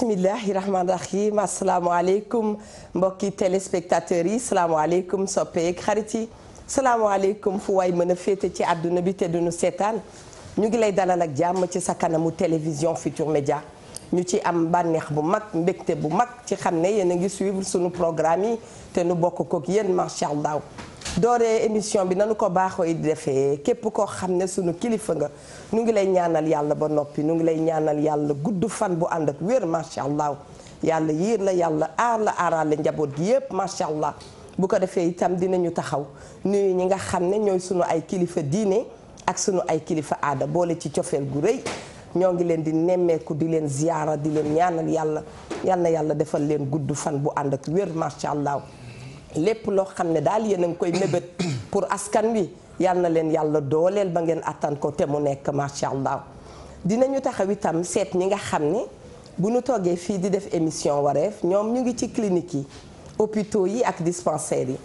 bismillahi rahmaani rahim asalaamaaleykum mbokki téléspectateurs yi salaamaaleykum soppeek xarit yi salaamaaleykum fu waay mën a féete ci àdduna bi te du nu seetaan ñu ngi lay dalal ak jàmm ci sa kanamu télévision Futur Média ñu ci am bànneex bu mag mbégte bu mag ci xam ne yéen a ngi suivre sunu programme yi te nu bokk kook yéen macha allah dooree émission bi nanu ko baaxoo defee képp koo xam ne sunu kilifa nga nu ngi lay ñaanal yàlla ba noppi nu ngi lay ñaanal yàlla gudd fan bu ànd ak wér macha allah yàlla yiir la yàlla aar la njaboot gi macha allah bu ko defee itam dinañu taxaw ñi nga xam ne ñooy sunu ay kilifa diine ak sunu ay kilifa aada boole ci cofeel gu rëy ñoo ngi leen di nemmeeku di leen ziyaara di leen ñaanal yàlla yal yàlla defal leen gudd fan bu ànd ak wér macha allah. lépp loo xam ne daal yéen a ngi koy mébét pour askan wi yal na leen yàlla dooleel ba ngeen attan ko te mu nekk macha allah ñu taxaw itam seet ñi nga xam ne bu ñu toggee fii di def émission wareef ñoom ñu ngi ci clinique yi hôpitaux yi ak dispensaires yi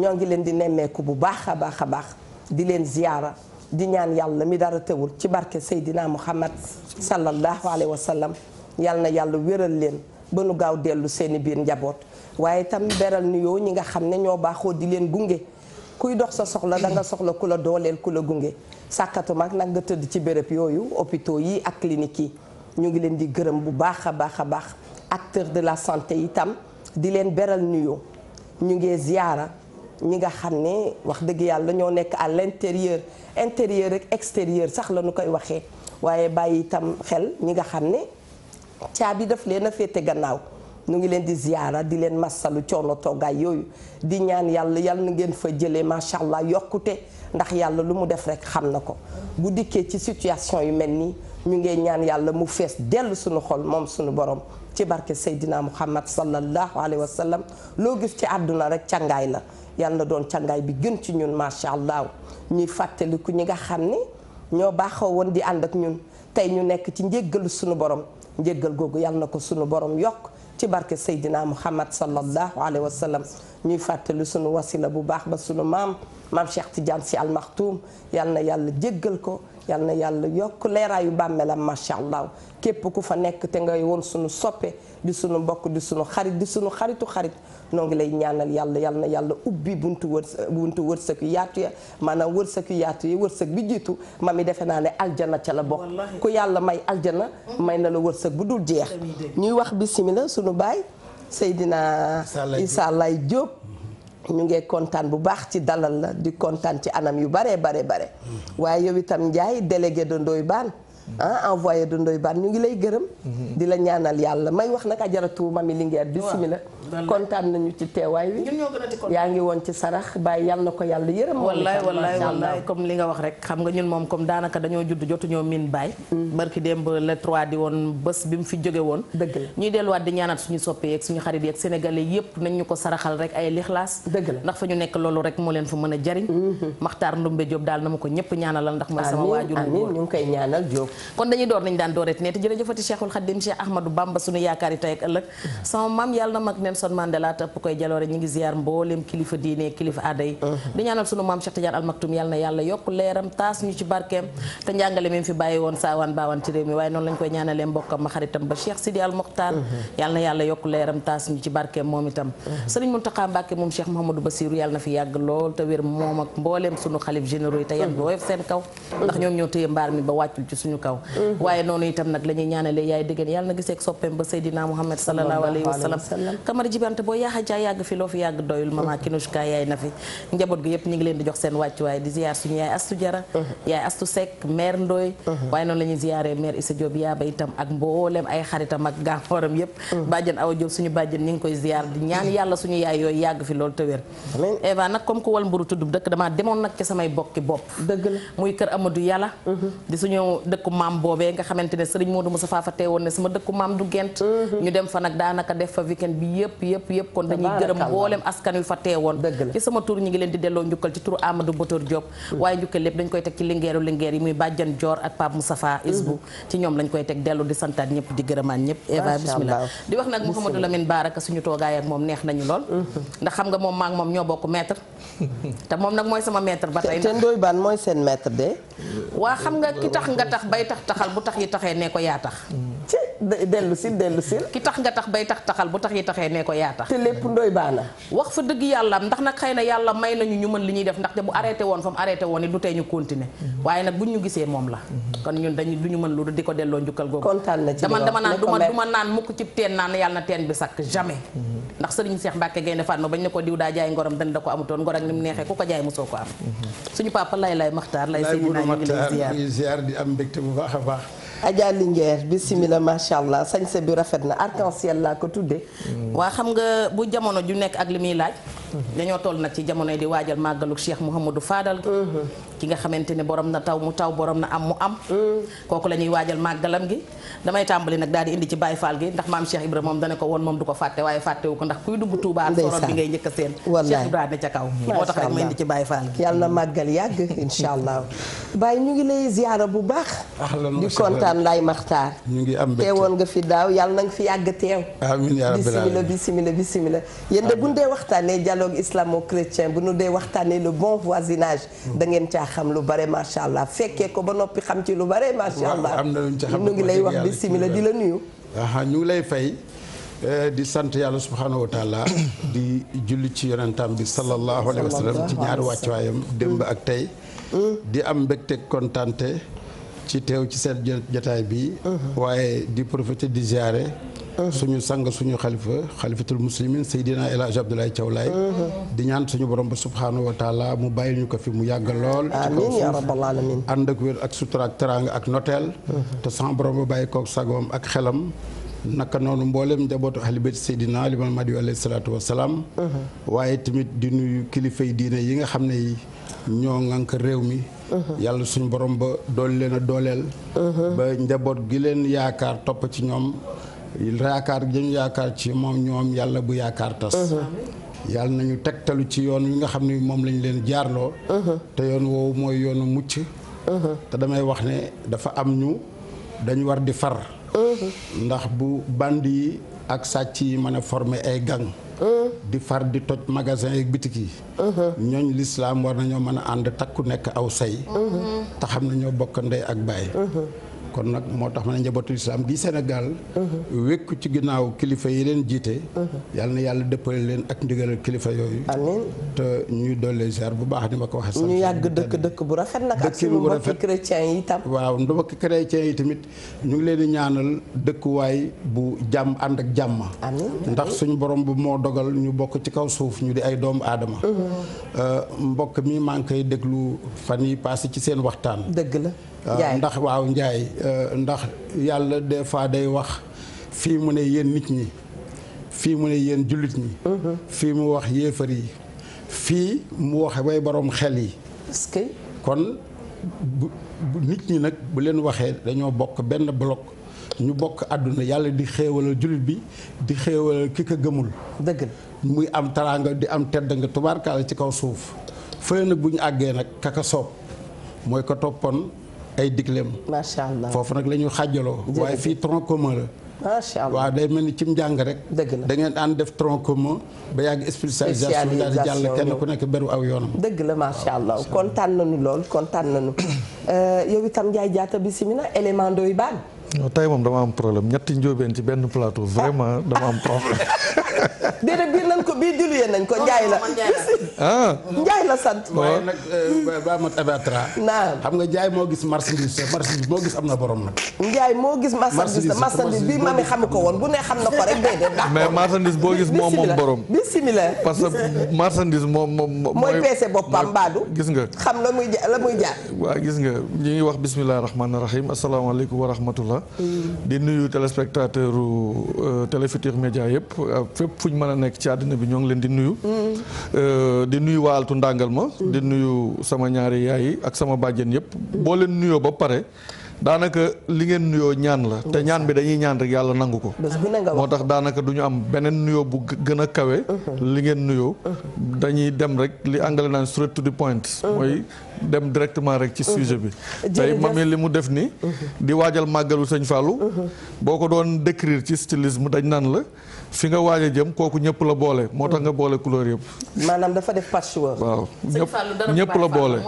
ñoo ngi leen di nemmeeku bu baax a baax a baax di leen ziyaara di ñaan yàlla mi dara tewul ci barke Seydina Muhammad sallallahu alayhi wa sallam yal na yàlla wéral leen ba nu gaaw dellu seeni biir njaboot waaye itam beral nuyoo ñi nga xam ne ñoo baaxoo di leen gunge kuy dox sa soxla da nga soxla ku la dooleel ku la gunge sàkkatumaak nag nga tëdd ci béréb yooyu hôpitaux yi ak cliniques yi ñu ngi leen di gërëm bu baax a baax a baax acteur de la santé itam di leen beral nuyoo ñu ngi ziyaara ñi nga xam ne wax dëgg yàlla ñoo nekk à l'intérieur intérieur ak extérieur sax lañu koy waxee waaye bàyyi itam xel ñi nga xam ne caabi daf leen a féete gannaaw nu ngi leen di ziyaara di leen massalu coono toggaay yooyu di ñaan yàlla yàlla na ngeen fa jëlee macha allah yokkute ndax yàlla lu mu def rek xam na ko bu dikkee ci situation yu mel nii ñu ngee ñaan yàlla mu fees dellu suñu xol moom suñu borom ci barke Seydina Muhammad sallallahu alayhi wa sallam loo gis ci àdduna rek càngaay la yàlla doon càngaay bi gën ci ñun macha allah ñuy fàttaliku ñi nga xam ni ñoo baaxoo woon di ànd ak ñun tey ñu nekk ci njéggalu suñu borom njéggal googu yàlla na ko suñu borom yokk ci barke Seydina Muhammad sallallahu alayhi wa sallam ñuy fàttali sunu wasila bu baax ba sunu maam maam Cheikh Tidiane si almaxtuum yàlla na yàlla jéggal ko yal na yàlla yokk leeraayu bàmmeelam macha allah képp ku fa nekk te ngay woon suñu soppee di suñu mbokk di suñu xarit di sunu xaritu xarit noo ngi lay ñaanal yàlla yal na yàlla ubbi buntu wërs buntu wërsëg yu yaatu ya maanaam wërsëg yu yaatu yi wërsëg bi jiitu ma mi defe naa ne aljana ca la bokk ku yàlla may aljana may na la wërsëg bu dul jeex ñuy wax bismillah sunu baay sey Issa Lay Diop ñu ngee kontaan bu baax ci dalal la di kontaan ci anam yu bare bare bare mm-hmm. waaye yow itam Ndiaye délégué de Ndoye Bane ah envoyé de Ndoye Bane ñu ngi lay gërëm. Mhm. di la ñaanal yàlla may wax nag ajaratu mami Linguère bisimilah. kontaan nañu ci teewaay wi. yaa ngi woon ci sarax bàyyi yàlla ko yàlla yërëm. wallaay wallaay wallaay comme li nga wax rek xam nga ñun moom comme daanaka dañoo judd jotuñoo miin baay. Mm. barki démb le 3 di woon bés bi mu fi jóge woon. dëgg la ñuy delluwaat di ñaanal suñu soppee ak suñu xarit yeeg sénégalais yépp nañ ñu ko saraxal rek ay lixlaas. dëgg la ndax fa ñu nekk loolu rek moo leen fa mën a jariñ. Mm-hmm. Maxtaar Ndumbe Diop daal na ma ko ñëpp ñaanalal ndax mooy sama waajur ñu ngi koy ñaanal Diop kon dañuy door nañ daan dooreet ne te jërëjëfati Cheikhul Khadim Cheikh Ahmadou Bamba sunu yaakaar yi tey ak ëllëg sama maam yàlla na mag Nelson Mandela tëpp koy jaloore ñi ngi ziar mboolem kilifa diine kilifa aada yi di ñaanal sunu maam Cheikh Tidiane Almaktoum yàlla yàlla yàlla yokk leeram taas ñu ci barkeem moom itam sëriñ Mountakha Mbacké moom Cheikh Mouhamadou Bassirou yàlla na fi yàgg lool te wér moom ak mbooleem sunu xalif généraux yi te yàgg waaye noonu itam nag la ñuy yaay dëggéen yàlla na giseek soppeem ba Seydina Muhammad sallallahu alayhi wa sallam kamara jibante boo yaaxa jaa yàgg fi loo fi yàgg doyul mama kinushka yaay na fi njaboot gi yëpp la ñuy ziyaare maire Issa Diop yaaba itam ak mbooleem ay xaritam ak gànfooram yëpp bàjjen awa Diop suñu bàjjen ñu ngi koy ziyaar di ñaan yàlla suñu yaay yooyu yàgg fi loolu te wér Eva nag comme ku wal mburu tuddub dëkk damaa demoon nag ci samay bokki bopp dëgg la muy kër Amadou yàlla mhm. di suñu dëkku maam boobee nga xamante ne sëriñ Modou Moustapha fa teewoon ne sama dëkku maam du gent mhm. ñu dem fa nag daanaka def fa weekend bi yëpp yëpp kon dañuy gërëm mboolem askan wi fa teewoon ci sama tur ñi ngi leen di delloo njukkal ci tur Amadou Botor Diop mhm. waaye njukkal lépp dañ koy teg ci lingeeru lingeer yi muy bàjjan Dior ak Pape Moustapha mhm. Isbu ci ñoom lañ koy teg dellu di santaat ñëpp di gërëmaan ñëpp Eva bismillah di wax nag moom maak moom ñoo bokk ba tey te Ndoye Bane bay tax taxal bu tax yi taxee ne ko yaa tax ci ne ko yaa tax te lépp ndoy baana wax fa dëgg yàlla na yàlla may nañu ñu la ñu mën lu di ko delloo njukkal googu kontaan na ci dama dama naan du ma mukk ci teen naan yàlla teen bi sakk jamais ndax sëriñ Cheikh Mbacke Gaynde Fatma bañ ne ko diw daa jaay ngorom dañ da ko amutoon ngor ak ni mu neexee ku ko jaay mosoo ko am mhm. suñu papa lay lay maxtaar lay sëy naa ñu ngi lay ziar di am mbégte bu baax a baax. Adja Linguère bisimilah macha allah sañse bi rafet na arc-en-ciel laa ko tuddee. Hmm. waa xam nga bu jamono ju nekk ak li muy laaj. Hmm. dañoo toll nag ci jamono yi di waajal màggalu Cheikh Mouhamadou faadal hmm. ki nga xamante ne borom na taw mu taw boroom na am mu am. kooku la ñuy waajal màggalam gi. damay tàmbali nag daal di indi ci Baye Fall gi ndax maam Cheikh Ibra moom dana ko woon moom du ko fàtte waaye fàttewu ko ndax kuy dugg Touba ak sorom bi ngay njëkk a seen Cheikh Ibra ne ca kaw moo tax rek ma indi ci Baye Fall gi yàlla màggal yàgg incha allah Baye ñu ngi lay ziara bu baax di kontaan lay maxtaar ñu ngi am teewoon nga fi daaw yàlla na nga fi yàgg teew amiin yaa rabbi bisimila bisimila bisimila yéen de bu ñu dee waxtaanee dialogue islamo-chrétien bu ñu dee waxtaanee le bon voisinage da ngeen caa xam lu bare macha allah fekkee ko ba noppi xam ci lu bare macha allah ñu ngi lay wax simila di la nuyu. ñu ngi lay fay eh, di sant yàlla subhaanahu wa di julli ci yonentam bi sallallahu alayhi wa ci ñaari wàccuwaayam démb ak tey. Mm. di am mbégte kontante. ci teew ci seen jotaay bi uh-huh. waaye di profiter di ziare uh-huh. suñu sang suñu xalifa xalifatul muslimin Seydina El Hadj Abdoulaye Thiaw Laye uh-huh. di ñaan suñu borom ba subhaanahu wa mu bàyyil ñu ko fi mu yàgg lool amiin yaa rabbal ànd ak wér ak sutura ak teraanga ak noteel te sans borom ba bàyyi kook sagoom ak xelam naka noonu mboolem njabootu ahli bayt Seydina Limaam Mahdi alayhi salaatu wa waaye tamit di nuyu kilifa yi diine yi nga xam ne ñoo ŋànk réew mi yàlla suñ borom ba dool leen a dooleel ba njaboot gi leen yaakaar topp ci ñoom yaakaar jëm yaakaar ci moom ñoom yàlla bu yaakaar tas yàlla nañu tegtalu ci yoon wi nga xam ni moom lañ leen jaarloo te yoon woowu mooy yoonu mucc te damay wax ne dafa am ñu dañu war di far ndax bu bànd yi ak sàcc yi mën a former ay gang di far di toj magasin yeeg bitik yi ñooñ lislaam war nañoo mën a ànd takku nekk aw say te xam ne ñoo bokk ndey ak baay kon nag moo tax ma ne njabootu islam gi Sénégal. wékku ci ginnaaw kilifa yi leen jiite. yal na yàlla dëppale leen ak ndigalal kilifa yooyu. amiin te ñuy dolli ziar bu baax ni ma ko waxee. ñu yàgg dëkk dëkk bu rafet nag. ak suñu mbokki chrétien yi tam. waaw mbokki chrétien yi tamit ñu ngi leen di ñaanal dëkkuwaay bu jàmm ànd ak jàmm. amiin ndax suñu borom bu moo dogal ñu bokk ci kaw suuf ñu di ay doomu aadama. Mm-hmm. Euh, mbokk mi maa ngi koy déglu fan yi passé ci seen waxtaan. dëgg la. Euh, ndax waaw njaay euh, ndax yàlla des fois day wax fii mu ne yéen nit ñi fii mu ne yéen jullit ñi mhm. fii mu wax yéefar yi fii mu wax way boroom xel yi kon bu nit ñi nag bu leen waxee dañoo bokk benn bloc ñu bokk àdduna yàlla di xéewalal jullit bi di xéewalal ki ko gëmul dëgg muy am taraanga di am tedd nga tubaarkaala ci kaw suuf fële nag bu ñu àggee nag kaka soob mooy ko toppoon ay digleem. macha allah foofu nag lañuy ñu xàjjaloo. waaye fii tronc commun la. macha day mel ni mu njàng rek. dëgg la da ngeen daan def tronc commun ba yàgg spécialisation daal di jàll kenn ku nekk beru aw yoonam. dëgg la macha allah kontaan nañu lool kontaan nañu. Euh, yow itam Ndiaye Diatta bisimilah élément doy baan. tey moom dama am problème ñetti njóobeen ci benn plateau vraiment dama am problème. déedéet biir lañ ko biir juliyee nañ ko njaay la njaay ah. la sant waaye euh, xam nga njaay moo gis marchandise moo gis am na borom nag njaay moo gis marchandise marchandise bi mami xam ko woon bu ne xam na ko rek mais marchandise boo gis moom moom borom bi similaire que marchandise moom moom mooy peese boppam mbaadu gis nga xam la muy jaar waaw gis nga ñu ngi wax bismillahi rahmaani rahim asalaamaaleykum wa rahmatullah mm. di nuyu téléspectateur u euh, Télé Futurs Médias yëpp fépp fu mën a nekk ci àddina bi ñoo ngi leen di nuyu. Euh, di nuyu waa altu ndàngal ma. di nuyu sama ñaari yaay yi ak sama bàjjen yëpp. boo leen nuyoo ba pare. daanaka li ngeen nuyoo ñaan la te ñaan bi dañuy ñaan rek yàlla nangu ko moo tax daanaka duñu am beneen nuyoo bu gën a kawe li ngeen nuyoo dañuy dem rek li anglais naan straight to the point mooy dem directement rek ci sujet bi tey mami li mu def ni di waajal màggalu sañ Fallou boo ko doon décrire ci stylisme dañ naan la fi nga waaj jëm kooku ñëpp la boole moo tax nga boole couleur yëpp. maanaam dafa def patchwork. waaw ñëpp la boole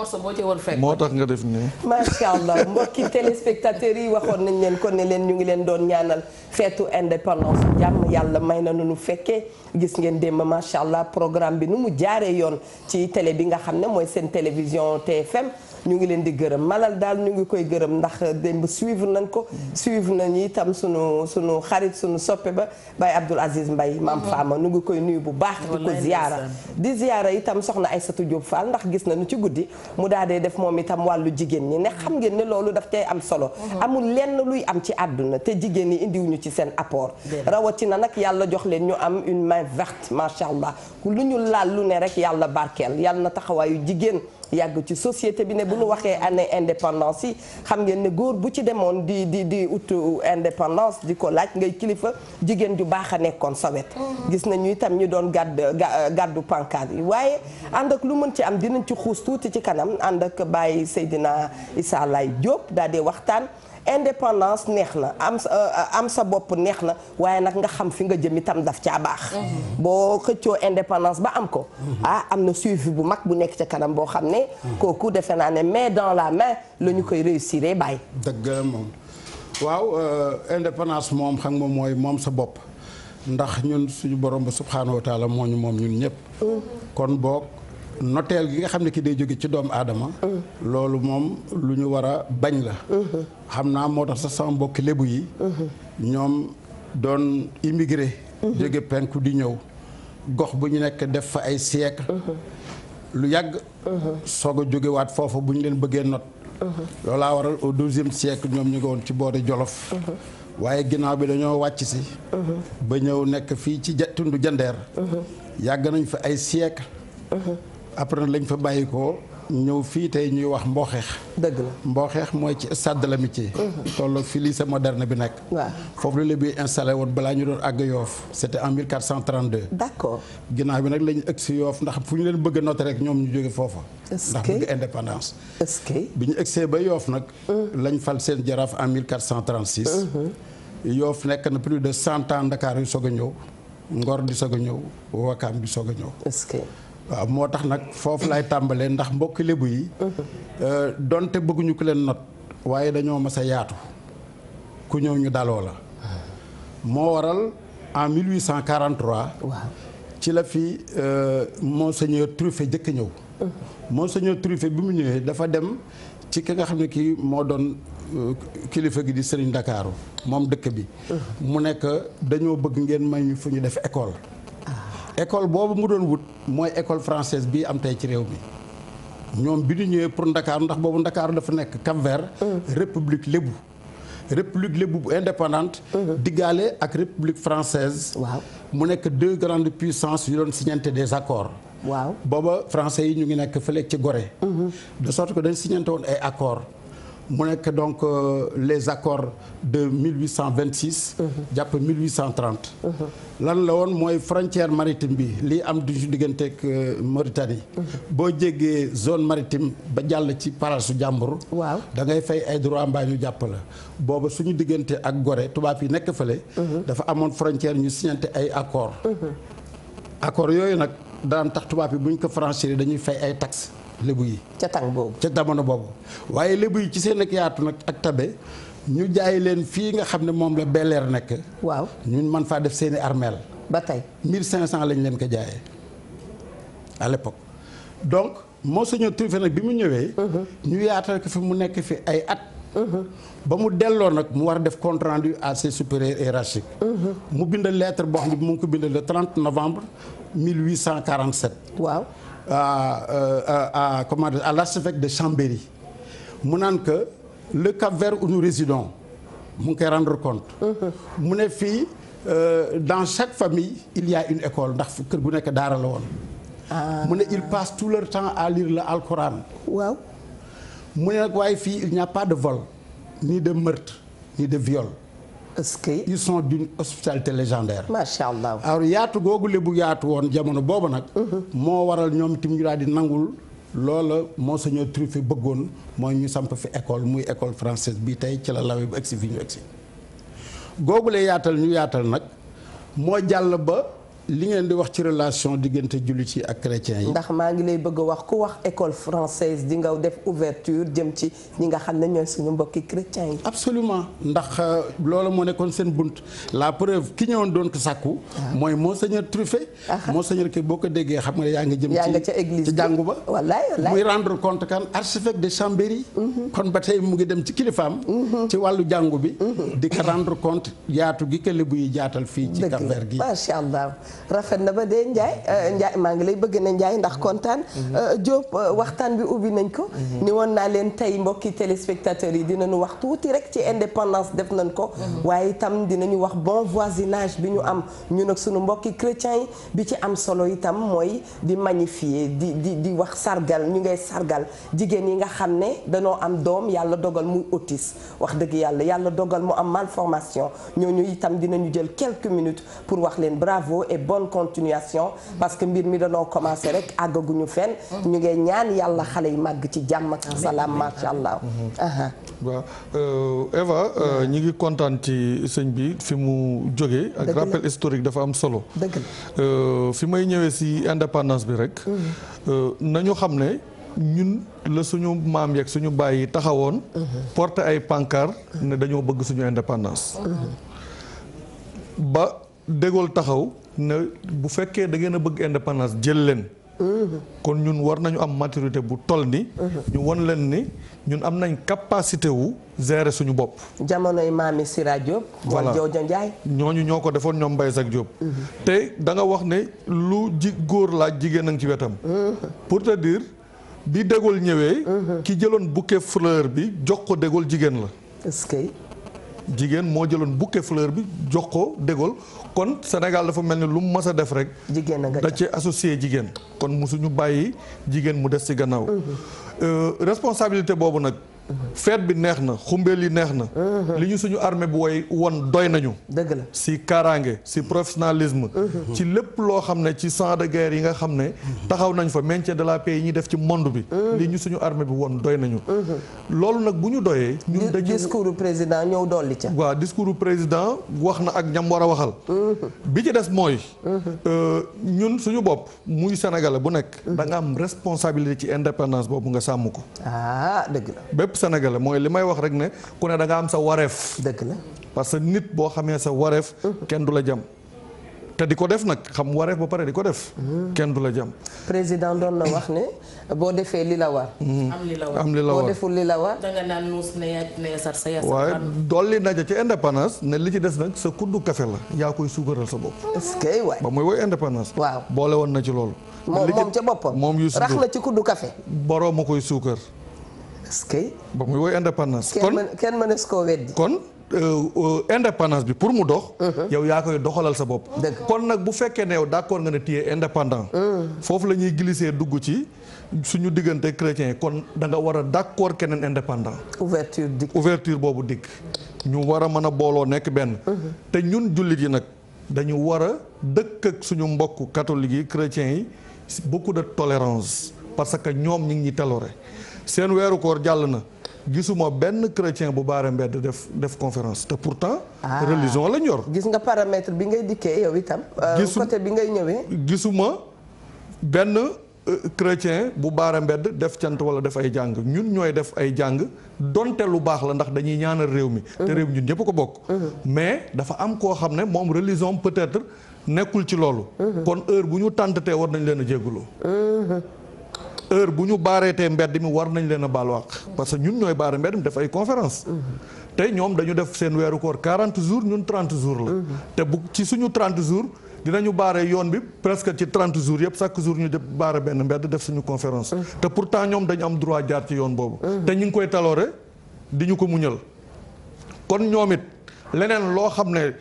moo tax nga def nii. macha allah mbokki téléspectateurs yi waxoon nañ leen kon ne leen ñu ngi leen doon ñaanal feetu indépendance jàmm yàlla may na nu nu fekkee gis ngeen démb macha allah programme bi nu mu jaaree yoon ci télé bi nga xam ne mooy seen télévision TFM. ñu ngi leen di gërëm malal daal ñu ngi koy gërëm ndax démb suivre nañ ko suivre nañ itam suñu sunu xarit suñu soppe ba Baye Abdoul Aziz Mbaye maam mm-hmm. Fama nu ngi koy nuyu bu baax di ko ziyaara di ziyaara itam soxna Aysatu Diop Fall ndax gis nañu ci guddi mu daal dee def moom itam wàllu jigéen ñi ne xam ngeen ne loolu daf cay am solo mm-hmm. amul lenn luy am ci àdduna te jigéen ñi indiwuñu ci seen apport rawatina nag yàlla jox leen ñu am une main verte macha allah ku lu ñu laal lu ne rek yàlla barkeel yàlla na taxawaayu jigéen yàgg ci société bi ne bu ñu waxee année indépendance yi xam ngeen ne góor bu ci demoon di di di ut indépendance di ko laaj ngay kilifa jigéen ju baax a nekkoon sa mm-hmm. gis gis ñu itam ñu doon gàdd gàddu pancarte yi waaye ànd ak lu mën ci am dinañ ci xuus tuuti ci kanam ànd ak bàyyi sey dinaa Issa Laye Diop daal di waxtaan indépendance neex na am sa euh, am sa bopp neex na waaye nag nga xam fi nga jëm itam daf caa baax. Mhm. boo xëccoo indépendance ba am ko. Mhm. ah am na suivi bu mag bu nekk ca kanam boo xam ne. Mhm. kooku defe naa ne mais dans la main la ñu koy réussir bàyyi. dëgg moom waaw euh, indépendance moom xam nga mooy moom sa bopp ndax ñun suñu borom ba subxanahu wa moo ñu moom ñun ñëpp. kon boog. noteel gi nga xam ne kii day jóge ci doomu aadama loolu moom lu ñu war a bañ la xam naa moo tax sax sama mbokki lébu yi ñoom doon imigré jóge penku di ñëw gox bu ñu nekk def fa ay siècle lu yàgg soog a jógewaat foofa bu ñu leen bëggee not laa waral au douzième siècle ñoom ñu ngi woon ci boori Jolof waaye ginnaaw bi dañoo wàcc si ba ñëw nekk fii ci tundu jandeer yàgg nañ fi ay siècle après lañ fa bàyyi ko ñëw fii tey ñuy wax mbooxeex dëgg la mbooxeex mooy ci stade de l'amitié mhm. tolloog fi lycée moderne bi nekk waaw foofu la léegi installé woon balaa ñu doon àgg yoof c'était en 1432 d'accord ginnaaw bi nag lañu ëgg si yoof ndax fu ñu leen bëgg a rek ñoom ñu jóge foofa ndax bëgg indépendance bi ñu ëgsee ba yoof nag mhm. lañ fal seen jaraaf en 1436 mhm. yoof nekk na plus de cent ans Dakar yu soog a ñëw Ngor di soog a ñëw Wakaam di soog a ñëw waaw moo tax nag foofu lay tàmbalee ndax mbokki lébu yi euh, donte bëgguñu ko leen not waaye dañoo mas a yaatu ku ñëw ñu daloo la moo waral en 1843 ci la fi euh, monseigneur Truffet jëkk ñëw mm-hmm. monseigneur Truffet bi mu ñëwee dafa dem ci ki nga xam ne kii moo doon euh, kilifa gi di Serigne Ndakaaru moom dëkk bi mm-hmm. mu nekk dañoo bëgg ngeen may fu ñu def école école boobu mu doon wut mooy école française bii am tey ci réew mi ñoom bi ñu ñëwee pour Ndakaaru ndax boobu Ndakaaru dafa nekk Cap-Vert mm. république lébu république lébu bu indépendante mm-hmm. diggaale ak république française waaw mu nekk deux grandes puissances yu doon signante des accords waaw booba français yi ñu ngi nekk fële ci gore mm-hmm. de sorte que dañ signante woon ay accords mu nekk donc euh, les accords de 1826. Mhm. jàpp 1830. Mhm. lan la woon mooy frontière maritime bi lii am du diggante ak euh, Mauritanie. Mhm. boo jéggee zone maritime ba jàll ci parasu jàmbur. waaw da ngay fay ay droit mbaa ñu jàpp la booba suñu diggante ak gore tubaab yi nekk fële. dafa amoon frontière ñu signante ay accords. accords yooyu nag daan tax tubaab yi buñ ko franchir dañuy fay ay tax lébu yi. ca tàng boobu ca jamono boobu. waaye lébu yi ci seen ak yaatu nag ak tabe ñu jaay leen fii nga xam ne moom la belleer air nekk. waaw ñun man faa def seen i armeel ba tey 1500 lañ leen ko jaayee à l'époque donc Monseigneur Truffet nag bi mu ñëwee. Mhm. ñu yaatal ko fi mu nekk fi ay at. Mhm. ba mu delloo nag mu war a def compte rendu à ses supérieurs mhm. mu bind lettre boo xam ne mu ko bind le 30 novembre 1847. waaw. a euh, à, à, comment à l'archevêque de Chambéry mu naan que le Cap Vert où nous mu ngi koy rendre compte mu ne fii euh, dans chaque famille il y une école ndax kër gu nekk daara la woon ah. mu ne ils passent tout leur temps à lire la Alcoran waaw mu ne nag waaye fii il n'y pas de vol ni de meurtre ni de viol est-ce que sont d'une hospitalité légendaire. macha allah alors yaatu googu Lebu yaatu woon jamono boobu nag. Mhm. moo waral ñoom tim ñu daal di nangul. loola moo monseigneur Truffaut bëggoon mooy ñu samp fi école muy école française bi tey ci la lawe bu egsi fi ñu egsi googu la yaatal ñu yaatal nag moo jàll ba. li ngeen di wax ci relation diggante jullit yi ak chrétien yi. ndax maa ngi lay bëgg wax ku wax école française di nga def ouverture jëm ci ñi nga xam ne ñooy suñu mbokki chrétien yi. absolument ndax euh, loolu moo nekkoon seen bunt la preuve ki ñëwoon doon ko sàkku. Ah. mooy monseigneur Truffet. Ah. monseigneur ki boo ko déggee xam nga yaa ngi jëm. yaa nga ca église ci jàngu ba. wallaay wallaay muy rendre compte kan archevêque de Chambéry. Mm-hmm. kon ba tey mu ngi dem ci kilifaam. Mm-hmm. ci wàllu jàngu bi. Mm-hmm. di ko rendre compte gi kële buy jaatal fii. ci Cap-Vert gi macha rafet na ba dee Ndiaye euh, Ndiaye maa ngi lay bëgg na Ndiaye ndax kontaan. Mhm. Euh, Diop euh, waxtaan bi ubbi nañ ko. Mhm. ni woon naa leen tey mbokki téléspectateurs yi dinañu wax tuuti rek ci indépendance def nañ ko. Mhm. waaye tam dina ñu wax bon voisinage bi ñu am ñun ak suñu mbokki chrétiens yi bi ci am solo itam mooy di magnifier di di di wax sargal ñu ngay sargal jigéen yi nga xam ne danoo am doom yàlla dogal mu autisme wax dëgg yàlla yàlla dogal mu am malformation ñooñu itam bonne continuation parce que mbir mi danoo commencé rek àggaguñu fenn ñu ngi ñaan yàlla xale yi màgg ci jàmm ak salaam macha allah. waaw euh, Eva euh, ñi ngi kontaan ci sëñ bi fi mu jóge ak rappel historique dafa am solo euh, fi may ñëwee si indépendance bi rek mhm. nañu xam ne ñun la suñu maam yeeg suñu baay yi taxawoon mhm. porte ay pancarte ne dañoo bëgg suñu indépendance mhm. ba De taxaw ne bu fekkee da ngeen a bëgg indépendance jël leen. kon ñun war nañu am maturité bu toll ni. ñu won leen ni ñun am nañ capacité wu gérer suñu bopp. jamonoy maami Sira Diop. voilà Jowja Ndiaye. ñooñu ñoo ko defoon ñoom Mbaye Sakh Diop. te danga wax ne lu ji góor laaj jigéen a ngi ci wetam. pour te bi De ñëwee. ki jëloon bouquet fleur bi jox ko De jigéen la. est que. jigéen moo jëloon bouquet fleur bi jox ko De kon Sénégal dafa mel ni lu mu mës a def rek. jigéen nga da ci associé jigéen. kon mosuñu bàyyi jigéen mu des ci gannaaw. Mm-hmm. Euh, responsabilité boobu nag. feet bi neex na xumbeel yi neex na li ñu suñu armée bu woy won doy nañu dëgg si kaaraange si professionnalisme ci lépp loo xam ne ci champ de guerre yi nga xam ne taxaw nañ fa maintien de la paix yi ñuy def ci monde bi li ñu suñu armée bi won doy nañu loolu nag bu ñu doyee ñun dañu discours président ñëw dolli ca waaw discours président wax na ak ñam war a waxal bi ci des mooy euh, ñun suñu bopp muy sénégalais bu nekk danga am responsabilité ci indépendance boobu nga sàmm ko ah sénégalais mooy li may wax rek ne ku ne da nga am sa wareef. dëgg la parce que nit boo xamee sa wareef. kenn du la jam te di ko def nag xam wareef ba pare di ko def. kenn du la jam président doon na wax ne boo defee li la war. am am la war boo deful li la war. da nga naan nuus ne yaa ne yaa sar sa yaa ci indépendance ne li ci des nag sa kuddu kafe la yaa koy suukaral sa bopp. est-ce que waay ba muy woy indépendance. waaw boole woon na ci loolu. moom moom ca boppam moom rax na ci kuddu café. borom ma koy suukar. est-ce que woy indépendance kon kenn mënees koo weddi kon euh, euh, indépendance bi pour mu dox mhm. yow yaa koy doxalal sa bopp kon nag bu fekkee ne yow d'accord nga ne téye indépendant mhm. foofu la ñuy glisser dugg ci suñu diggante chrétien kon danga nga war a d'accord keneen indépendant ouverture dikk ouverture boobu dikk ñu war a mën a booloo nekk benn mhm. te ñun jullit yi nag dañu war a dëkk ak suñu mbokk catholique yi chrétiens yi beaucoup de tolérance parce que ñoom ñu ngi ñi taloore seen weeru koor jàll na gisuma benn chrétien bu baare mbedd def def conférence te pourtant. Ah. religion la ñor. gis nga paramètre bi ngay dikkee yow itam. Euh, côté bi ngay ñëwee. gisuma benn euh, chrétien bu baare mbedd def cant wala def ay jàng ñun ñooy def ay jàng donte lu baax la ndax dañuy ñaanal réew mi. te mhm. réew mi ñun ñëpp ko bokk. Mhm. mais dafa am koo xam ne moom religion peut-être nekkul ci loolu. Mhm. kon heure bu ñu tàntatee war nañ leen a jégalu. heure bu ñu baaree te mbedd mi war nañ leen a baal wax parce que ñun ñooy baare mbedd mi def ay conférence te ñoom dañu def seen weeru koor 40 jours ñun 30 jours la te bu ci suñu 30 jours dinañu baare yoon bi presque ci 30 jours yëpp chaque jour ñu def baare benn mbedd def suñu conférence te pourtant ñoom dañu am droit jaar ci yoon boobu te ñu ngi koy taloore di ñu ko muñal kon ñoom it leneen loo xam ne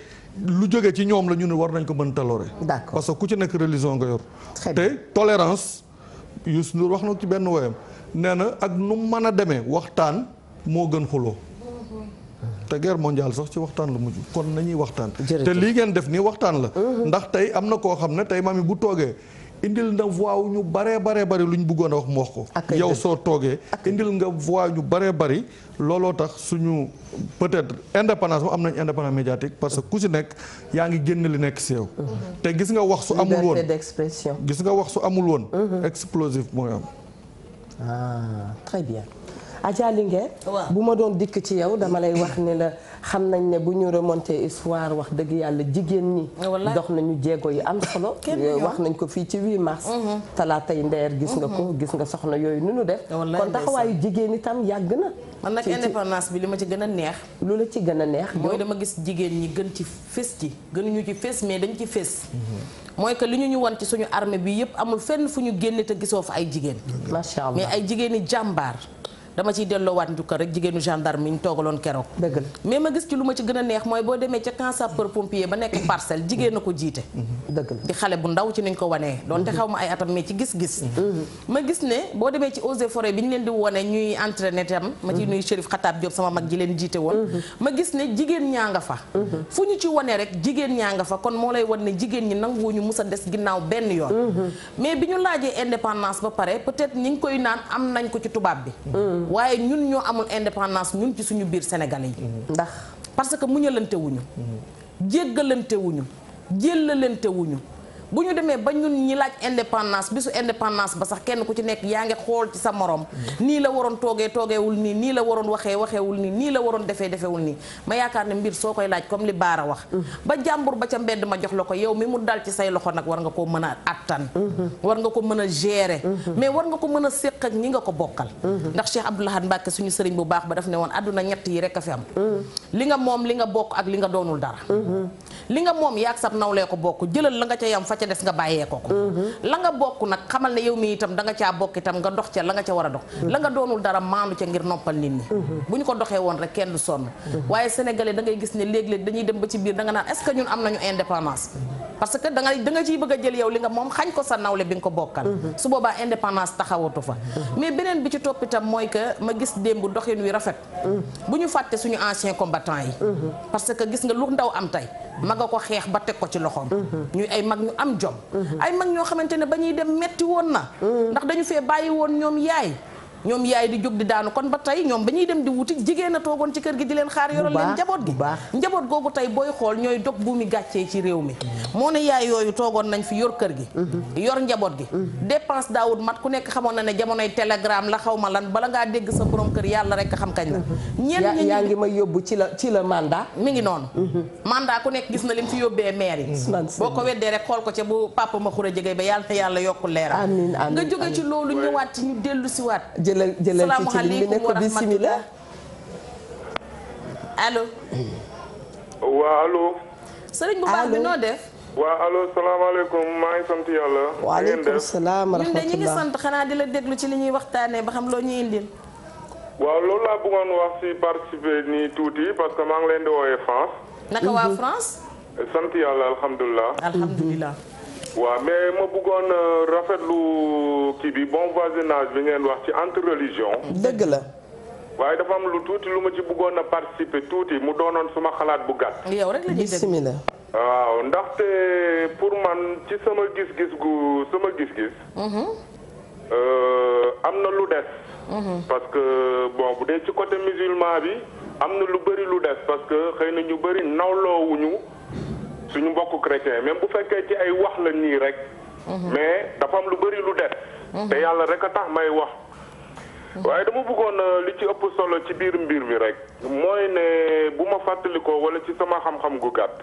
lu jóge ci ñoom la ñu ne war nañ ko mën taloore d'accord parce que ku ci nekk religion nga yor Youssou Ndour wax na ci benn woyam nee na ak nu mën a demee waxtaan moo gën xuloo te guerre mondiale sax ci waxtaan lu mujj kon nañuy waxtaan te lii ngeen def nii waxtaan la ndax tey am na koo xam ne tey mami bu toogee indil nga wu ñu baree baree bari lu ñu bëggoon a wax mu wax ko yow soo toogee indil nga voix ñu baree bari looloo tax suñu peut-être indépendance mu am nañ indépendance médiatique parce que ku si nekk yaa ngi génn li nekk si yow mhm. te gis nga wax su amul woon gis nga wax su amul woon mhm. explosif mooy am ah bu ma doon dikk ci yow dama lay wax ni la xam nañ ne bu ñu remonté histoire wax dëgg yàlla jigéen ñi. dox nañu jéego yi am solo. wax nañ ko fii ci 8 mars. Mhm. talaatay ndeer gis nga ko mhm. gis nga soxna yooyu nu nu def. kon taxawaayu jigéen itam yàgg na. man na nag indépendance bi li ma ci gën a neex. lu la ci gën a neex. mooy dama gis jigéen ñi gën ci fés ci gën gënuñu ci fés mais dañ ci fés. Mhm. mooy que li ñu ñu wan ci suñu armée bi yëpp amul fenn fu ñu génne te gisoo fa ay jigéen. macha allah mais ay jàmbaar. dama ciy delloowaat njukkal rek jigéenu gendarme yi ñu toogaloon keroog. dëgg la mais ma gis ci lu ma ci gën a neex mooy boo demee ca camp sapeur pompier ba nekk parcelle jigéen a ko jiite. Mhm. dëgg la di xale bu ndaw ci niñ ko wanee. donte mhm. xaw ma ay atam mais ci gis-gis. Mhm. ma gis ne boo demee ci eaux et forêt leen di wane ñuy entraîné tam. ma ciy nuyu Chérif Xataab Diop sama mag ji leen jiite woon. ma gis ne jigéen ñaa nga fa. fu ñu ci wane rek jigéen ñaa nga fa kon moo lay wan ne jigéen ñi nanguwoo ñu mus a des ginnaaw benn yoon. mais bi ñu laajee indépendance ba pare peut-être ñi ngi koy naan am nañ ko ci tubaab bi waaye ñun ñoo amul indépendance ñun ci suñu biir sénégalais yi mhm. ndax parce que muñalante wuñu mhm. jéggalante wuñu jéllalante wuñu bu ñu demee ba ñun ñi laaj indépendance su indépendance ba sax kenn ku ci nekk yaa ngi xool ci sa morom nii la waroon toogee toogeewul nii nii la waroon waxee waxeewul nii nii la waroon defee defeewul nii ma yaakaar ne mbir soo koy laaj comme li baara wax ba jàmbur ba ca mbedd ma jox la ko yow mi mu dal ci say loxo nag war nga koo mën a attan war nga ko mën a gérer mais war nga ko mën a séq ak ñi nga ko bokkal ndax Cheikh Abdou Lahad Mbacké suñu sëriñ bu baax ba daf ne woon àdduna ñett yi rek a am li nga moom li nga bokk ak li nga doonul dara li nga moom yaag sab nawlee ko bokk jëlal la nga ca yam fa ca des nga bàyyee ko ko mm-hmm. la nga bokk nag xamal ne yow mi itam da nga caa bokk itam nga dox ca la nga ca war a dox mm-hmm. la nga doonul dara maandu ca ngir noppal nit ñi mm-hmm. bu ñu ko doxee woon rek kenn du sonn waaye sénégalais dangay gis ne léeg-léeg dañuy dem ba ci biir da nga naan est-ce que ñun am nañu indépendance parce que da nga da nga ciy bëgg jël yow li nga moom xañ ko sa nawle bi nga ko bokkal su boobaa indépendance taxawatu fa mais beneen bi ci topp mooy que ma gis démb doxin wi rafet mm. bu ñu fàtte suñu ancien combattant yi parce que gis nga lu ndaw am tey mag a ko xeex ba teg ko ci loxoom ñuy ay mag ñu am jom mm-hmm. ay mag ñoo xamante ne ba ñuy dem metti woon na mm-hmm. ndax dañu fee bàyyi woon ñoom yaay ñoom yaay di jóg di daanu kon ba tey ñoom ba ñuy dem di wuti jigéen a toogoon ci kër gi di leen xaar yoral leen njaboot gi njaboot googu tey booy xool ñooy dog toogoon nañ fi yor kër gi mhm. yor njaboot gi mhm. dépense daawut mat ku nekk xamoon na ne jamonoy télégramme la xaw ma lan bala ngaa dégg sa borom kër yàlla rek xam kañ la mhm. ñenn ñi yaa ngi may yóbbu ci la ci la mandat mi ngi noonu mandat ku nekk gis na lim fi yóbbee maire yi boo ko weddee rek xool ko ca bu papa ma xura jege ba yàlla na yàlla yokku nga jóge ci loolu ñëwaat ñu dellu siwaat jëlal jëlal ci ci li nekk bismillah allo. waa allo. sëriñ bu baax bi noo def. waa allo salaamaaleykum maa ngi sant yàlla. waaleykum salaam wa rahmatulah ñun ngi sant xanaa di la déglu ci li ñuy waxtaanee ba xam loo ñu indil. waaw loolu laa bëggoon wax ci participer nii tuuti parce que maa ngi leen di woowee France. naka waa mhm. France. Eh, sant yàlla alhamdulilah. alhamdulilah. waaw mais ma bëggoon euh, rafetlu kii bi bon voisinage bi ngeen wax ci entre religion. dëgg la. waaye dafa am lu tuuti lu ma ci bëggoon a participer tuuti mu doonoon suma xalaat bu gàtt. yow rek la ñuy waaw ndaxte pour man ci sama gis-gis gu sama gis-gis. Mhm. Euh, am na lu des. Mhm. parce que bon bu dee ci côté musulman bi am na lu bëri lu des parce que xëy na ñu bëri nawloowuñu suñu mbokk chrétien même bu fekkee ci ay wax la nii rek. Mhm. mais dafa am lu bari lu des. Mhm. te yàlla rek a tax may wax. Mhm. waaye dama bëggoon euh, li ci ëpp solo ci biir mbir mi rek. mooy ne bu ma fàttalikoo wala ci sama xam-xam gu gàtt.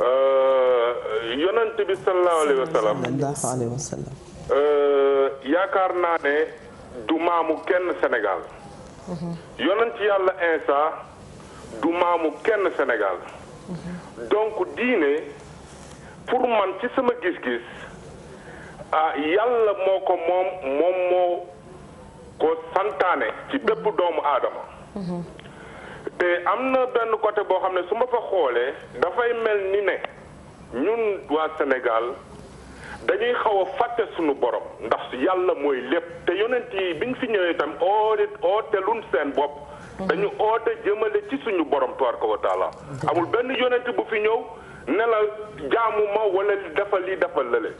Euh, yonent bi sallallahu alayhi euh, yaakaar naa ne du maamu kenn Sénégal. ci yàlla instant du maamu kenn senegal donc diine pour man ci sama gis-gis ah yàlla moo ko moom moom moo ko santaane ci bépp doomu aadama te am na benn côté boo xam ne su ma fa xoolee dafay mel ni ne ñun waa senegal dañuy xaw a fàtte sunu borom ndax yàlla mooy lépp te yonent yi bi ñu fi ñëwee itam oo ootelun seen bopp dañu oote jëmale ci suñu borom tabaraka wa taala amul benn yonent bu fi ñëw ne la jaamu ma wala defal lii defal lale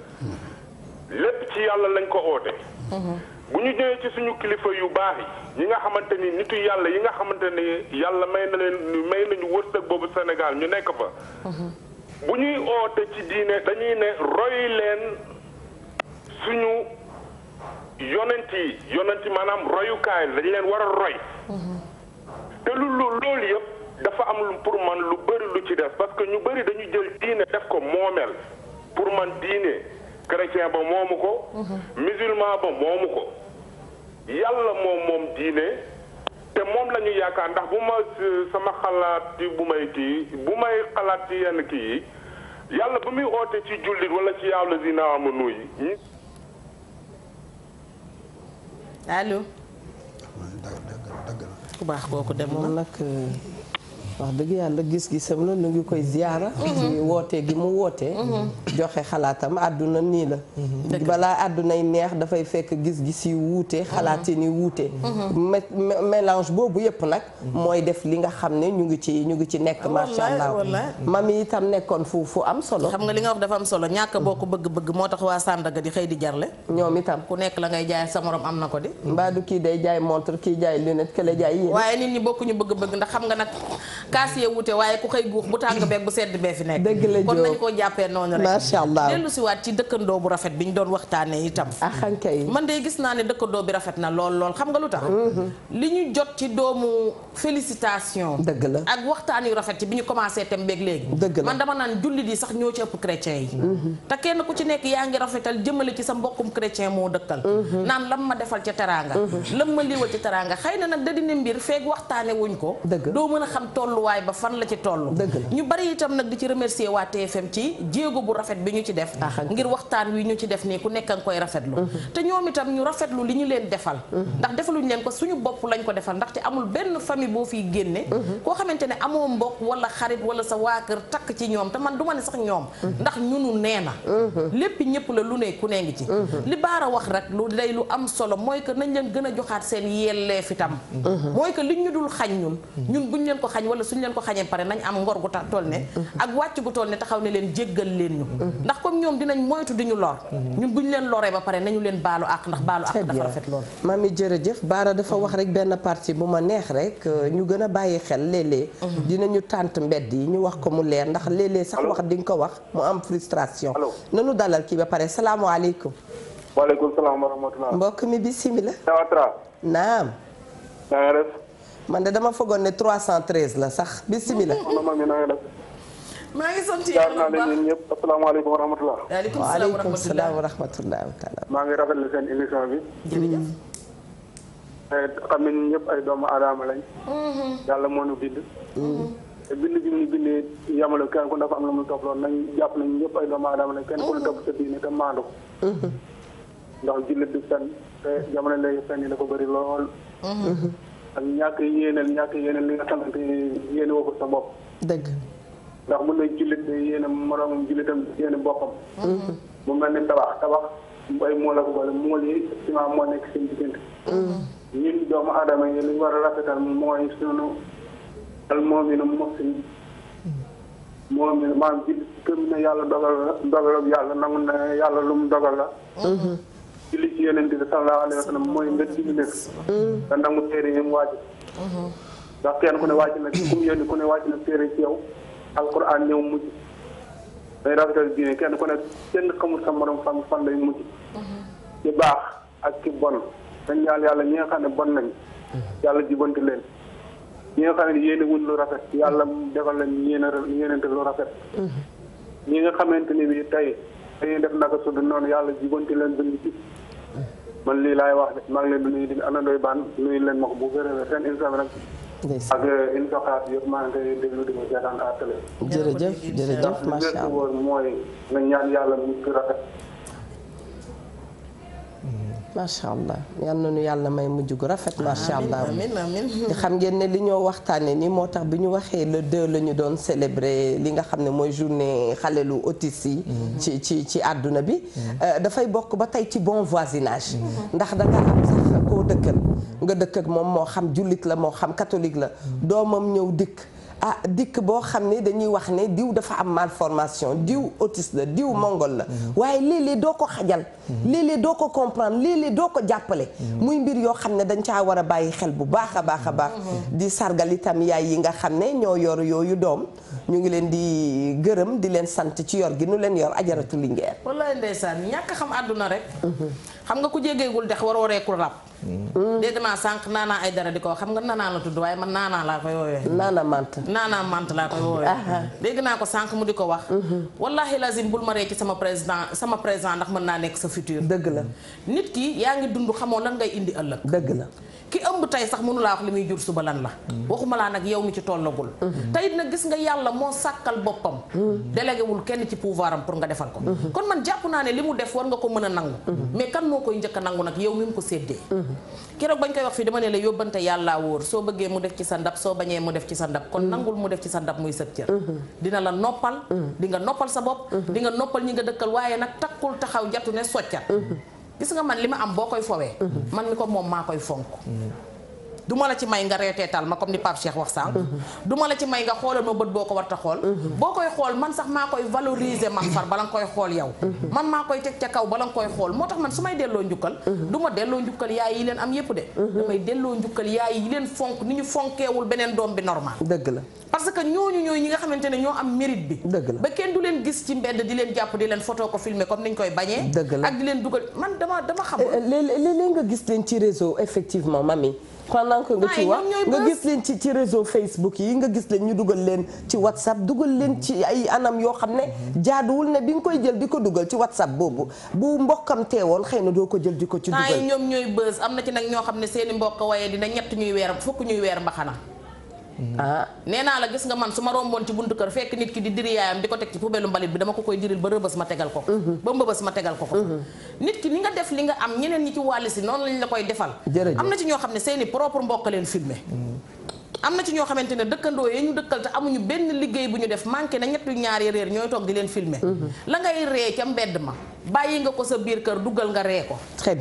lépp ci yàlla lañ ko oote bu ñu ñëwee ci suñu kilifa yu baax yi ñi nga xamante ni nitu yàlla yi nga xamante ni yàlla may na leen may nañu wërsëg boobu senegal ñu nekk fa bu ñuy oote ci diine dañuy ne roy leen suñu yonent yi yonent yi maanaam royukaay lañ leen waral roy te lu lu loolu yëpp dafa am pour man lu bëri lu ci des parce que ñu bëri dañu jël diine def ko moomeel pour man diine chrétien ba moomu ko. Mhm. musulman ba moomu ko. yàlla moom moom diine te moom la ñu yaakaar ndax bu ma euh, sama xalaat bu may kii bu may xalaat ci yenn kii yi yàlla bu muy oote ci jullit wala ci yàlla dina amu nuy allo. ku baax kooku dem na wax dëgg yàlla gis-gisam gis la nu ngi koy ziyaara mhm. ci woote gi mu wootee mhm. joxe xalaatam àdduna nii la balaa àddunay neex dafay fekk gis-gis yi wuute mhm. xalaatin yi wuute mélange boobu yëpp nag mooy def li nga xam ne ñu ngi ci ñu ngi ci nekk macha allah mami itam nekkoon fu fu am solo xam nga li nga wax dafa am solo ñàkk boo ko bëgg-bëgg moo tax waa Sandaga di xëy di jarle ñoom itam ku nekk la ngay jaay sa morom am na ko di mbaa du kii day jaay montre ndax xam nga nag kaas yee wute waaye ku xëy guux bu tàng beeg bu sedd bee fi nekk dëgg la koo jàppee noonu rek macha allah dellu si waat ci dëkkandoo bu rafet bi ñu doon waxtaanee itam axanka ah, yi man de gis naa ne dëkkandoo bi rafet na lool lool xam nga lu tax mm-hmm. li ñu jot ci doomu félicitation dëgg la ak waxtaan yu rafet ci bi ñu commencé tem beeg léegi dëgg man dama naan jullit yi sax ñoo ci ëpp chrétien yi mm-hmm. te kenn ku ci nekk yaa ngi rafetal jëmale ci sa mbokkum chrétien moo dëkkal mm-hmm. naan lam ma defal ca teraanga lam ma liiwal ci teraanga xëy na nag da dina mbir feeg waxtaane wuñ ko doo mën a xam tollu tolluwaay ba fan la ci toll ñu bari itam nag di ci remercier waa TFM ci jéego bu rafet bi ñu ci def a ah, ngir waxtaan wi ñu ci def nii ku nekk nga koy rafetlu mm-hmm. te ñoom itam ñu rafetlu li ñu leen defal mm-hmm. ndax defaluñu leen ko suñu bopp lañ ko defal ndaxte amul benn famille boo fiy génne mm-hmm. koo xamante ne amoo mbokk wala xarit wala sa waa kër takk ci ñoom te man du ma ne sax ñoom ndax ñunu nee na lépp ñëpp la lu ne ku ne ngi ci li baara wax rek lu day lu am solo mooy que nañ leen gën a joxaat seen yelleef itam mooy que liñ ñu dul xañ ñun ñun buñ leen ko xañ wala suñu leen ko xañee pare nañ am ngor gu tax toll ne ak wàcc gu toll ne taxaw ne leen jéggal leen ñu ndax comme ñoom dinañ moytu di ñu lor ñun bu ñu leen loree ba pare nañu leen baalu àq ndax baalu àq dafa rafet lool mami jërëjëf Baara dafa wax rek benn partie bu ma neex rek euh, ñu gën a bàyyi xel léeg-léeg mhm. dinañu tànt mbedd yi ñu wax ko mu leer ndax léeg-léeg sax wax di nga ko wax mu am frustration nanu dalal kii ba pare salaamaaleykum waaleykum salaam wa rahmatulah mbokk mi bisimilah naam na nga def man de dama foogoon ne 313 la sax bisimilah. soxna Mamy na nga def. maa ngi sant yàlla naa baax leen ñëpp asalaamaaleykum wa rahmatulah. waaleykum salaam wa rahmatulah. maa ngi rafetlu seen émission bi. jërëjëf. Eh, xam ne ñëpp ay doomu aadama lañ. Mm-hmm. yàlla moo ñu bind. Mm-hmm. te bind bi ñu bindee yamalu kenn ku dafa am lu mu topp loolu nañ jàpp nañ ñëpp ay doomu aadama lañ kenn ku ne mm-hmm. topp sa diine te maandu. ndax jullit du fen te jamono léegi fen yi dafa bëri lool. ak ñàkk yéenal ñàkk yéenal li nga xamante yéene woo sa bopp. dëgg. ndax mën na jullit de yéene moroomam jullitam yéene boppam. Mm-hmm. mu mel ni tabax tabax mbay moo la ko boole mool yi ciment moo nekk seen diggante. Mm-hmm. ñun doomu aadama yi li ñu war a rafetal mooy sunu al moominu mosin mm-hmm. moominu maam ji na yàlla dogal la yàlla nangu na yàlla lu dogal la. julli ci yonent bi sallallahu alayhi wa sallam mooy nga dimbalee mm. nga nangu téere yi mu waajal mm-hmm. ndax kenn ku ne waaj na ku mu ku ne waaj na téere ci yow alquran ñëw mujj day rafetal kenn ku ne kenn xamul sa morom fan fan lay mujj mm-hmm. ci baax ak ci bon dañ yàlla ñi nga xam ne bon nañ mm-hmm. yàlla jubbanti leen ñi nga xam ne yéene wuñ lu rafet yàlla defal leen yéene yéenente lu rafet ñi nga xamante ni bi tey dañuy def naka sudu noonu yàlla jubbanti leen bind ci man lii laay wax maa ngi leen di nuyu di amandoo baan nuyu leen ma ko bu gërëm seen émission bi nag. ak émission xaar yëpp maa ngi koy déglu di ko seetaan à télé. jërëjëf jërëjëf macha allah mooy na ñaan yàlla mu ci rafet. ma macha allah yal na nu yàlla may mujj gu rafet macha allah di xam ngeen ne li ñoo waxtaanee nii moo tax bi ñu waxee le 2 la ñu doon célébrer li nga xam ne mooy journée xalelu autistes yi ci ci ci àdduna bi euh, dafay bokk ba tey ci bon voisinage ndax danga am sax koo dëkkal nga dëkk moom moo xam jullit la moo xam catholique la doomam ñëw dikk ah dikk boo xam ne dañuy wax ne diw dafa am malformation diw autiste la diw mongol la mm-hmm. waaye léeg-léeg doo ko xajal léeg-léeg doo ko comprendre léeg doo ko jàppale muy mbir yoo xam ne dañ caa war a bàyyi xel bu baax a baax a baax di sargal itam yaay yi nga xam ne ñoo yor yooyu doom ñu ngi leen di gërëm di leen sant ci yor gi nu leen yor ajaratu lingeer wallaay ndeysaan ñàkk xam àdduna rek xam nga ku jégeegul dex waroo reekul rab dee damaa sànq naanaa ay dara di ko xam nga naanaa la tudd waaye man naanaa laa koy woowee naana mant naanaa mant laa koy woowee dégg naa ko sànq mu di ko wax mhm. wallaahi lazim bul ma ree sama président sama président ndax mën naa nekk sa fi futur. dëgg la nit ki yaa ngi dund xamoo lan ngay indi ëllëg. dëgg la ki ëmb tey sax mënu laa wax li muy jur suba lan la waxuma laa nag yow mi ci tollagul teyit nag gis nga yàlla moo sàkkal boppam délégué wul kenn ci pouvoir am pour nga defal ko kon man jàpp naa ne li mu def war nga ko mën a nangu mais kan moo koy njëkk a nangu nag yow mi mu ko séddee keroog bañ koy wax fii dama ne la yóbbante yàllaa wóor soo bëggee mu def ci sa ndab soo bañee mu def ci sa ndab kon nangul mu def ci sa ndab muy sëb cër dina la noppal di nga noppal sa bopp di nga noppal ñi nga dëkkal waaye nag takkul taxaw jatu ne soccat gis nga man li ma am boo koy fowee man mi ko moom maa koy fonk du ma la ci may nga reeteetal ma comme ni Pape Cheikh wax sànq du ma la ci may nga xoolal ma bët boo ko war xool boo koy xool man sax maa koy valoriser man far bala nga koy xool yow man maa koy teg ca kaw bala nga koy xool moo tax man su may delloo njukkal du ma delloo njukkal yaay yi leen am yépp de damay delloo njukkal yaay yi leen fonk ni ñu fonkewul beneen doom bi normal dëgg la parce que ñooñu ñooy ñi nga xamante ne ñoo am mérit bi dëgg la ba kenn du leen gis ci mbedd di leen jàpp di leen photo ko filmer comme niñ koy bañee dëgg la di leen dugal man dama dama xam eh, eh, léeg-léeg nga gis leen ci réseau effectivement mami pendant que nga ah, ci wax nga gis leen ci ci réseau Facebook yi nga gis leen ñu dugal leen ci WhatsApp dugal leen ci ay anam yoo xam ne jaaduwul ne bi nga koy jël di ko dugal ci WhatsApp boobu bu mbokkam teewoon xëy na doo ko jël di ko ci ah, dugal ñooy bës am na ci nag ñoo xam ne seeni mbokk waaye dina ñett ñuy weer fukk ñuy weer mbaxana Ah. nee naa la gis nga man su ma romboon ci buntu kër fekk nit ki di diri yaayam ko teg ci poubelle mbalit bi dama ko koy diril ba rëbës ma tegal ko mhm. ba mbëbës ma tegal ko ko mhm. nit ki ni nga def li nga am ñeneen ñi ci wàll si noonu lañ la koy defal am na ci ñoo xam ne seeni propre mbokk leen filmé mhm. am na ci ñoo xamante ne dëkkandoo yi ñu dëkkal te amuñu benn liggéey bu ñu def manqué na ñetti ñaari réer ñooy toog di leen filmer mhm. la ngay ree ca mbedd ma bàyyi nga ko sa biir kër dugal nga ree ko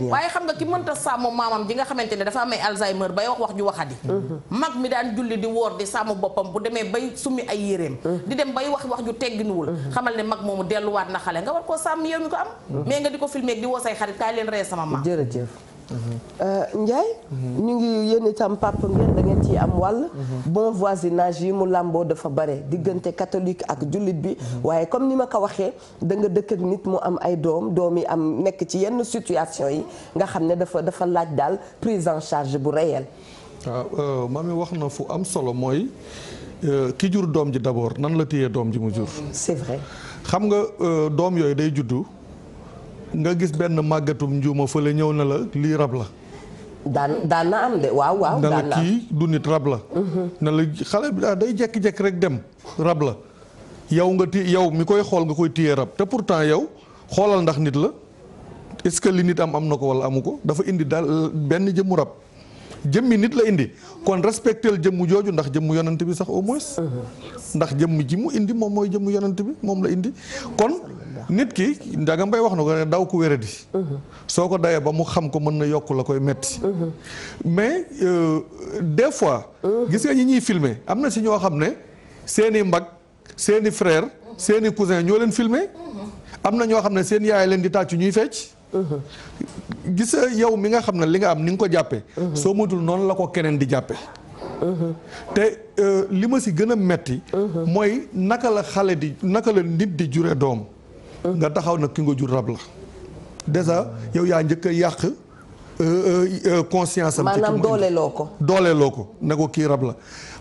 waaye xam nga ki mënta sàmm maamam ji nga xamante ne dafa amee alzheimer bay wax wax ju mhm. mag mi daan julli di woor di sàmm boppam bu demee bay summi ay yéreem mhm. di dem bay wax wax ju tegginuwul xamal ne mag moomu delluwaat na xale nga war koo sàmm yow mi ko am mais nga di ko filmer di woo say xarit kaay leen ree sama maam jërëjëf Euh, Ndiaye. ñu ngi yéen itam papa ngeen da ngeen am wàll. bon voisinage yi mu làmboo dafa bare diggante catholique ak jullit bi. waaye comme ni ma ko waxee da nga dëkk ak nit mu am ay doom doom yi am nekk ci yenn situation yi nga xam ne dafa dafa laaj daal prise en charge bu réel. waaw ah, euh, mi wax na fu am solo mooy euh, ki jur doom ji d'abord nan la téyee doom ji mu jur. c'est vrai xam nga doom yooyu day juddu. nga gis benn màggatum njuuma fële ñëw na la lii rab la. daan daan na am de waaw waaw. daan kii du nit rab la. Mhm. na la xale bi ah, day jékki-jékki rek dem rab la. yow nga ti yow mi koy xool nga koy téye rab te pourtant yow xoolal ndax nit la est-ce que li nit am am na ko walla amu ko dafa indi daal benn jëmmu rab. jëmmi nit la indi kon respectel jëmmu jooju ndax jëmmu yonent bi sax au moins. Mhm. ndax jëmm ji mu indi moom mooy jëmmu yonent bi moom la indi kon. nit ki Ndiaga mbay wax na ko ne daw ku wéradi mm-hmm. soo ko dayee ba mu xam ko mën na yokk la koy metti mm-hmm. mais euh, des fois mm-hmm. gis nga ñi ñuy filmer am na si ñoo xam ne seeni mbag seeni frère seeni cousin ñoo leen filmer am na ñoo xam ne seen yaay leen di tàccu ñuy fecc gis yow mi nga xam ne li nga am ni nga ko jàppee soo moytul noonu la ko keneen di jàppe te euh, li ma si gën a metti mooy naka la xale di naka la nit di jure doom nga taxaw na ki nga jur rab la déjà yow yaa njëkk a yàq euh, euh, euh, conscience am maanaam dooleeloo ko dooleeloo ko ne ko kii rab la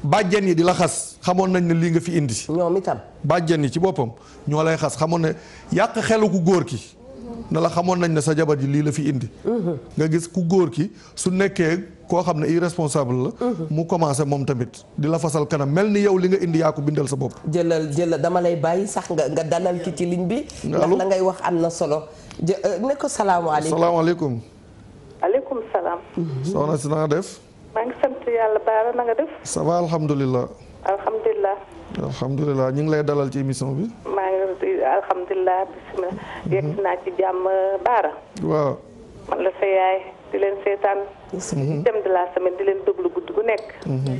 bàjjen yi di la xas xamoon nañ ne lii nga fi indi ñoom itam bàjjen yi ci boppam ñoo lay xas xamoon na yàq xelu ku góor ki ne la xamoon nañ ne sa jabar ji lii la fi indi mhm. nga gis ku góor ki su nekkee koo xam ne irresponsable la. Mhm. mu commencé moom tamit di la fasal kanam mel ni yow li nga indi yaa ko bindal sa bopp. jëlal jëlal dama lay bàyyi sax nga nga dalal ki ci ligne bi. ndax la ngay wax am na solo. jë euh, ne ko salaamaaleykum salaamaaleykum. aleykum salaam. Mhm. soxna si na def. maa ngi sant yàlla baara na def. ça alhamdulilah. alhamdulilah. alhamdulilah ñu ngi lay dalal ci émission bi. maa ngi alhamdulilah bisimilah. Mhm. yegg naa ci jàmm baara. waaw. man la sa yaay. di leen seetaan. thème la semaine di leen déglu guddi gu nekk. Mhm.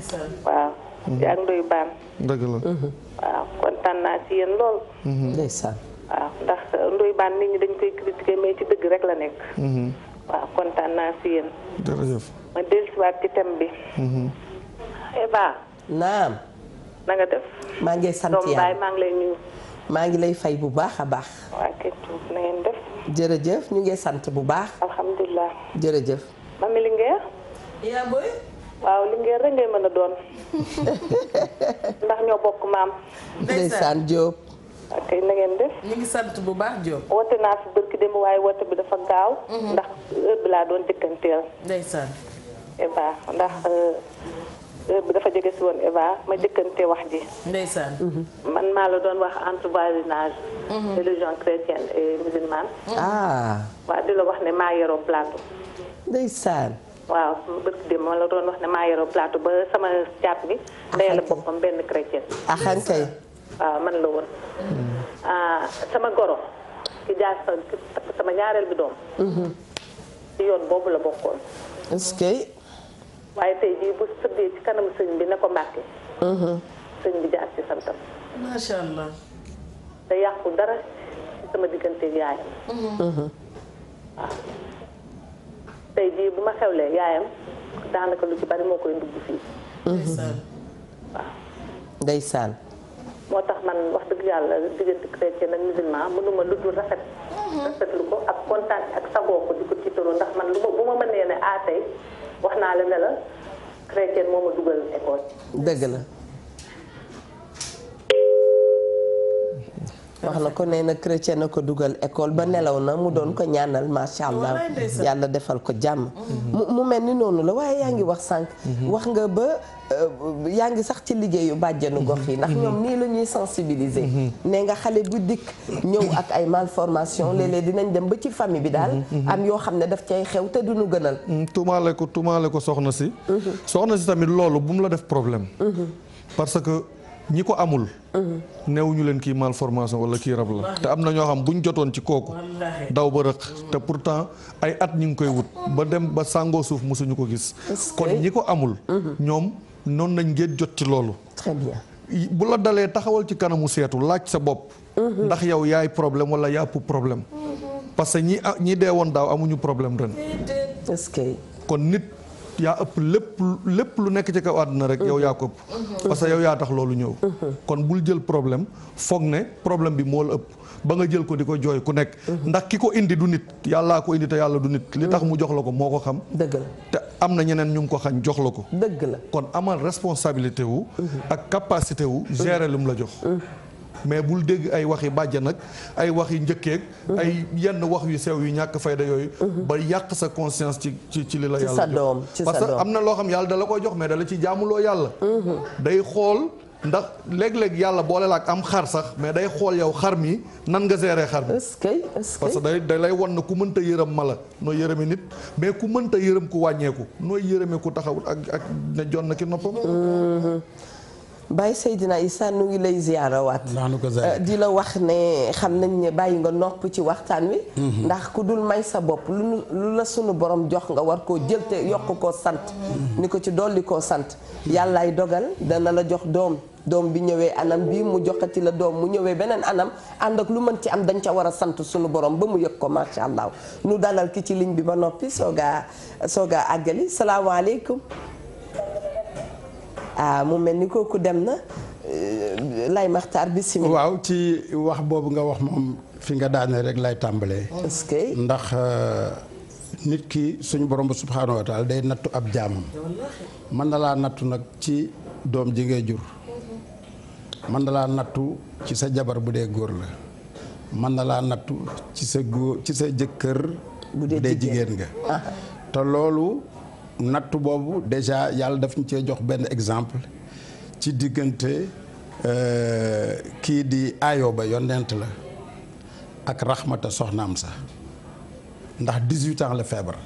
waaw. di ak ndoy baan. dëgg la. Mhm. waaw kontaan naa ci yéen lool. Mhm. ndeysaan. waaw ndax euh, ndoy baan nit ñi dañ koy critiquer mais ci dëgg rek la nekk. waaw kontaan naa ci yéen. jërëjëf. ma dellusiwaat ci thème bi. Eva. naam. na nga def. maa ngi sant yàlla maa ngi lay maa ngi lay fay bu baax a baax. waa kay na ngeen def. jërëjëf ñu ngi sant bu baax. alhamdulilah. jërëjëf. mami Linguère. yaa booy. waaw Linguère rek ngay mën a doon. ndax ñoo bokk maam. ndeysaan Diop. ok na ngeen def. ñu ngi sant bu baax Diop. woote naa fi barki démb waaye woote bi dafa gaaw. Mhm. ndax heure laa doon jëkkanteel. ndeysaan. eh ndax. Euh, Euh, dafa jege si woon Eva ma jëkkante wax ji. ndeysaan. Mm-hmm. man maa la doon wax entre voisinage. Mm-hmm. religion chrétienne et musulmane. ah. waaw di la wax ne maa yoroo plateau. ndeysaan. waaw bët dem ma la doon wax ne maa yoroo plateau ba sama jàpp bi. day la boppam benn chrétien. axankay. waaw man la woon. Mm-hmm. Ah, sama goro. ki jaar sama ñaareel bi doom. ci yoon boobu la bokkoon. est-ce waaye tey jii bu sëbbee ci kanamu sëñ bi ne ko mbàkke mhm. sëñ bi jaar ci santam macha allah te yàqu dara sama digganteeg yaayam mhm. Mhm. waaw tey jii bu ma xewlee yaayam daanaka lu ci bari moo koy dugg fii day ndeysaan moo tax man wax dëgg yàlla diggante chrétien ak musulman mënuma lu dul rafet rafetlu ko ak kontaan ak sagoo ko di ko tiitaroo ndax man lu ma bu ma mënee ne a ah, wax naa la ne la chrétien moo ma dugal école. dëgg la. wax na ko nee na chrétien na ko dugal école ba nelaw na mu doon ko ñaanal macha allah yàlla defal ko jàmm mu mel ni noonu la waaye yaa ngi wax sànq mhm. wax nga ba euh, yaa ngi sax ci liggéeyu bàjjenu gox yi ndax mhm. ñoom nii la ñuy sensibiliser mhm. nee nga xale bu dikk ñëw ak ay malformation léeg-léeg dinañ dem ba ci famille bi daal am yoo xam ne daf cay xew te duñu gënal tuumaale ko tuumaale ko soxna si soxna si tamit loolu bu mu la def problème ñi ko amul. newuñu leen kii formation wala kii rab la te am na ñoo xam bu ñu jotoon ci kooku daw ba rëq te pourtant ay at ñu ngi koy wut ba dem ba sàngoo suuf mosuñu ko gis. kon ñi ko amul. Mhm. ñoom noonu nañ ngeen jot ci loolu. bu la dalee taxawal ci kanamu seetu laaj sa bopp. Mhm. ndax yow yaay problème wala yàppu problème. Mhm. parce que ñi ah, ñi dee woon daaw amuñu problème ren. kon nit. yaa ëpp lépp lépp lu nekk ci kaw àdduna rek yow yaa ko ëpp parce que yow yaa tax loolu ñëw kon bul jël problème foog ne problème bi moo la ëpp ba nga jël ko di ko jooy ku nekk ndax ki ko indi du nit yàllaa ko indi te yàlla du nit li tax mu jox la ko moo ko xam dëgg te am na ñeneen ñu ngi ko xañ jox la ko dëgg la kon amal responsabilité wu ak capacité wu gérer lu la jox mais bul dégg ay wax waxi bàjja nag ay wax waxi njëkkeek ay yenn wax yu sew yu ñàkk fayda yooyu ba yàq sa conscience ci ci ci li la yàlla jox parce que am na loo xam yàlla dala koy jox mais dala ci jaamuloo yàlla day xool ndax léeg-léeg yàlla boole la ak am xar sax mais day xool yow xar mi nan nga gérer xar mi parce que day day lay won na ku mënta yërëm mala nooy yërëmi nit mais ku mënta yërëm ku wàññeeku nooy yërëmi ku taxawut ak ak ne jon na ki noppam mm-hmm. Baye Seydina Issa nu ngi lay ziyaarawaat euh, di la wax ne xam nañ ne bàyyi nga nopp ci waxtaan wi mhm. ndax ku dul may sa bopp lu lu la sunu borom jox nga war koo jël te yokk koo sant mhm. ni ko ci dolli ko sant yàllaay dogal dana la jox doom doom bi ñëwee anam bii mu joxati la doom mu ñëwee beneen anam ànd ak lu mën ci am dañ ca war a sant suñu borom ba mu yëg ko macha allah nu dalal ki ci ligne bi ba noppi soogaa soogaa àggali salaamaaleykum ah mu mel ni kooku dem na euh, lay maxtaar bi simi waaw ci wax boobu nga wax moom fi nga daane rek lay tàmbalee. ndax euh, nit ki suñu borom bu subhaanahu day nattu ab jaamam. mën na laa nattu nag ci doom ji ngay jur. mën na laa nattu ci sa jabar bu dee góor la. mën na laa nattu ci sa góor ci sa jëkkër. bu dee jigéen nga. Ah. te loolu natt boobu déjà yàlla daf ñu cee jox benn exemple ci diggante euh, kii di ayoo Ayoba yonent la ak Rahmata soxnaam sa ndax 18 ans la feebar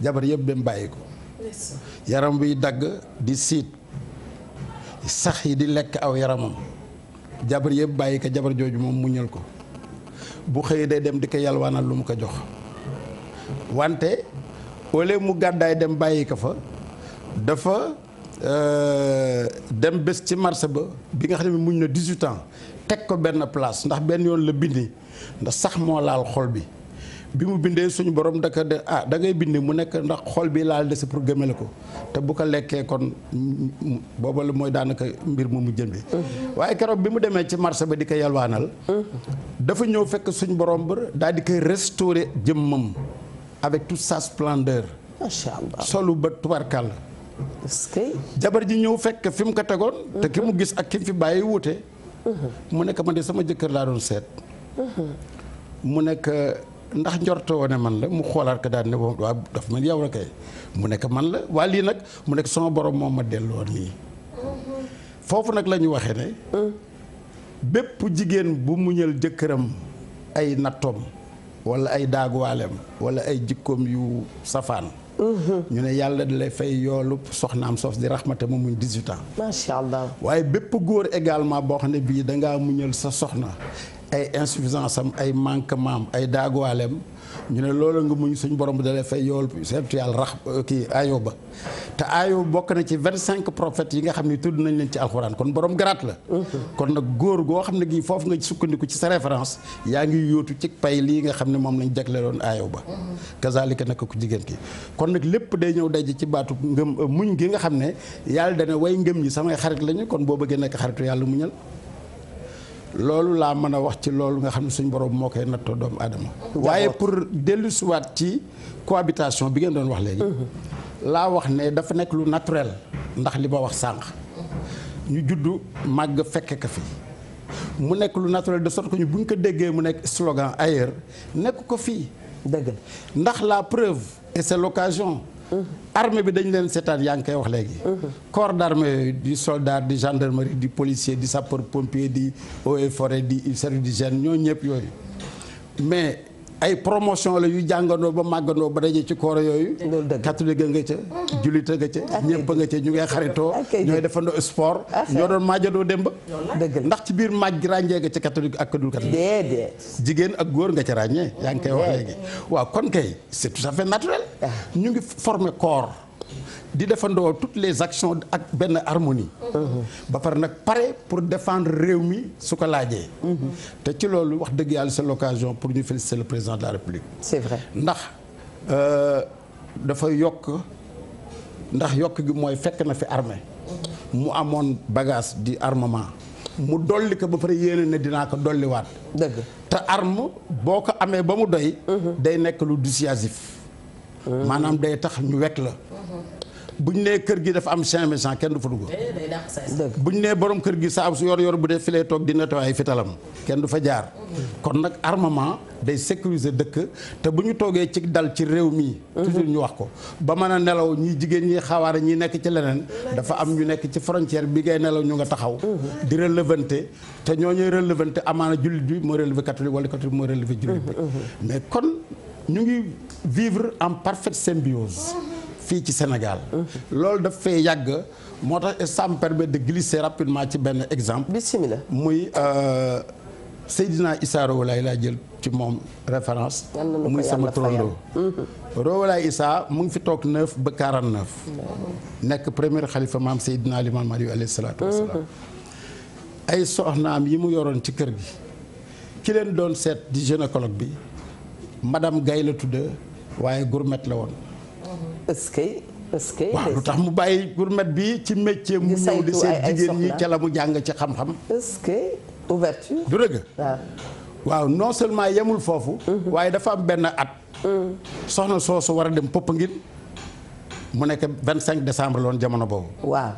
jabar yëpp dem bàyyi ko yaram wi dagg di siit sax yi di lekk aw yaramam jabar yëpp bàyyi ko jabar jooju moom mu ñël ko bu xëyee day dem di ko yalwaanal lu mu ko jox wante wala mu gàddaay dem bàyyi ko fa dafa euh, dem bés ci marché ba bi nga xam ne muñ na 18 ans teg ko benn place ndax benn yoon la bindi ndax sax moo laal xol bi bi mu bindee suñu borom da de ah da ngay bind mu nekk ndax xol bi laal dese pour gëmale ko te bu ko lekkee kon booba la mooy daanaka mbir mu mu jëmbe waaye keroog bi mu demee ci marché ba di ko yalwaanal dafa ñëw fekk suñu borom ba daal di koy restaurer jëmmam avec toute sa splendeur. macha solu ba tubarkal. est que. jabar ji ñëw fekk fi mu ko tegoon. te ki mu gis ak ki fi bàyyi wuute. mu nekk man de sama jëkkër laa doon seet. mu nekk ndax njortoo ne man la mu xoolaat ko daan ne waaw dafa man yow la kay mu nekk man la waa lii nag mu nekk sama borom moom ma delloo nii. foofu nag la ñu waxee ne. Mm. bépp jigéen bu muñal jëkkëram ay nattoom. wala ay daaguwaaleem wala ay jikkoom yu safaan. Mhm. ñu ne yàlla di lay fay yoolu soxnaam soos di raxmate mu muñ 18 ans. macha allah waaye bépp góor également boo xam ne bii dangaa muñal sa soxna ay insuffisance am ay manquement am ay daaguwaaleem. ñu ne loolu nga muñ suñ borom dalee fay yool seetu yàlla rax kii ayo ba te ayo bokk na ci vingt cinq prophètes yi nga xam ne tudd nañ leen ci alxuraan kon borom garaat la kon nag góor goo xam ne gii foofu nga sukkandiku ci sa référence yaa ngi yootu ci pay lii nga xam ne moom lañ jagleeloon ayo ba kazalika naka ku jigéen ki kon nag lépp day ñëw daje ci baatu ngëm muñ gi nga xam ne yàlla dana way ngëm ñi samay xarit lañu kon boo bëggee nekk xaritu yàlla muñal loolu laa mën a wax ci loolu nga xam ne suñ borom moo koy nattoo doomu aadama waaye pour dellu siwaat ci cohabitation bi ngeen doon wax léegi mhm. laa wax ne dafa nekk lu naturel ndax li ma wax sànq ñu juddu màgg fekk ka fi mu nekk lu naturel de sorte ñu bu ñu ko déggee mu nekk slogan ailleurs nekk ko fii dëgg ndax la preuve et c'est l'occasion mhm. armée bi dañ leen seetaan yaa ngi koy wax léegi. corps d'armée yooyu du soldat du gendarmerie du policier du sapeur pompier di eaux et forêt du service ñoo ñëpp yooyu mais. ay promotion la yu jàngandoo ba màggandoo ba daje ci koor yooyu. loolu dëgg catholique nga ca. Mhm. jullit nga ca ñëpp nga ca ñu ngay xaritoo. ñooy defandoo sport. Ah, ñoo doon maajandoo démb. dëgg ndax ci biir maaj gi ràññee nga ca catholique ak dul catholique. déedéet. jigéen ak góor nga ca ràññee. yaa ngi koy wax léegi waaw kon kay c'est tout à fait naturel. Ah. ñu ngi former corps. di defandoo toutes les actions ak benn harmonie. ba pare nag pare pour defendre réew mi su ko laajee. te ci loolu wax dëgg yàlla c'est l'occasion pour ñu féliciter le président de la République. c'est vrai ndax euh, dafa yokk ndax yokk gi mooy fekk na fi arme mu amoon bagage di armement. mu dolli ko ba pare yéene ne dinaa ko dolliwaat. dëgg te arme boo ko amee ba mu doy. Mhm. day nekk lu dissuasif. Mhm. maanaam day tax ñu wekk la. bu ñu nee kër gi dafa am cinq mille kenn du fa dugg eh, bu nee boroom kër gi sa am su yor yor bu dee fi lay toog dina tawaay fitalam kenn du fa jaar kon nag armement day sécuriser dëkk te bu ñu toogee cig dal ci réew mii toujours ñu wax ko ba mën a nelaw ñi jigéen ñi xawaare ñi nekk ci leneen dafa am ñu nekk ci frontière bi ngay nelaw ñu nga taxaw di relevanté te ñoo ñuy relevanté amaana jullit bi mooy relevé catholique wala catholique mooy relevé jullit bi mm-hmm. mais kon ñu ngi vivre en parfaite symbiose fii ci Sénégal. loolu daf fee yàgg moo tax ça me permet de ci benn exemple. bisimilah muy euh, Seydina Issa Rowlaay laa jël ci moom référence. muy sama trondo mm-hmm. Issa mu ngi fi toog 9 ba 49. nekk premier xalifa maam Seydina Limaamu Maalik mm-hmm. ay soxnaam yi mu yoroon ci kër gi. ki doon seet di gynécologue bi madam Gaye la tudde waaye gourmet la woon. eskay eskay lu tax mu bàyyi gourmet bi ci métier mu ñëw di seet jigéen mu jàng ci xam-xam eskay du dëgg waaw non seulement yemul foofu mhm. waaye dafa am benn at mhm. soxna soosu war a dem Popenguine mu nekk vingt cinq décembre loon jamono boobu waaw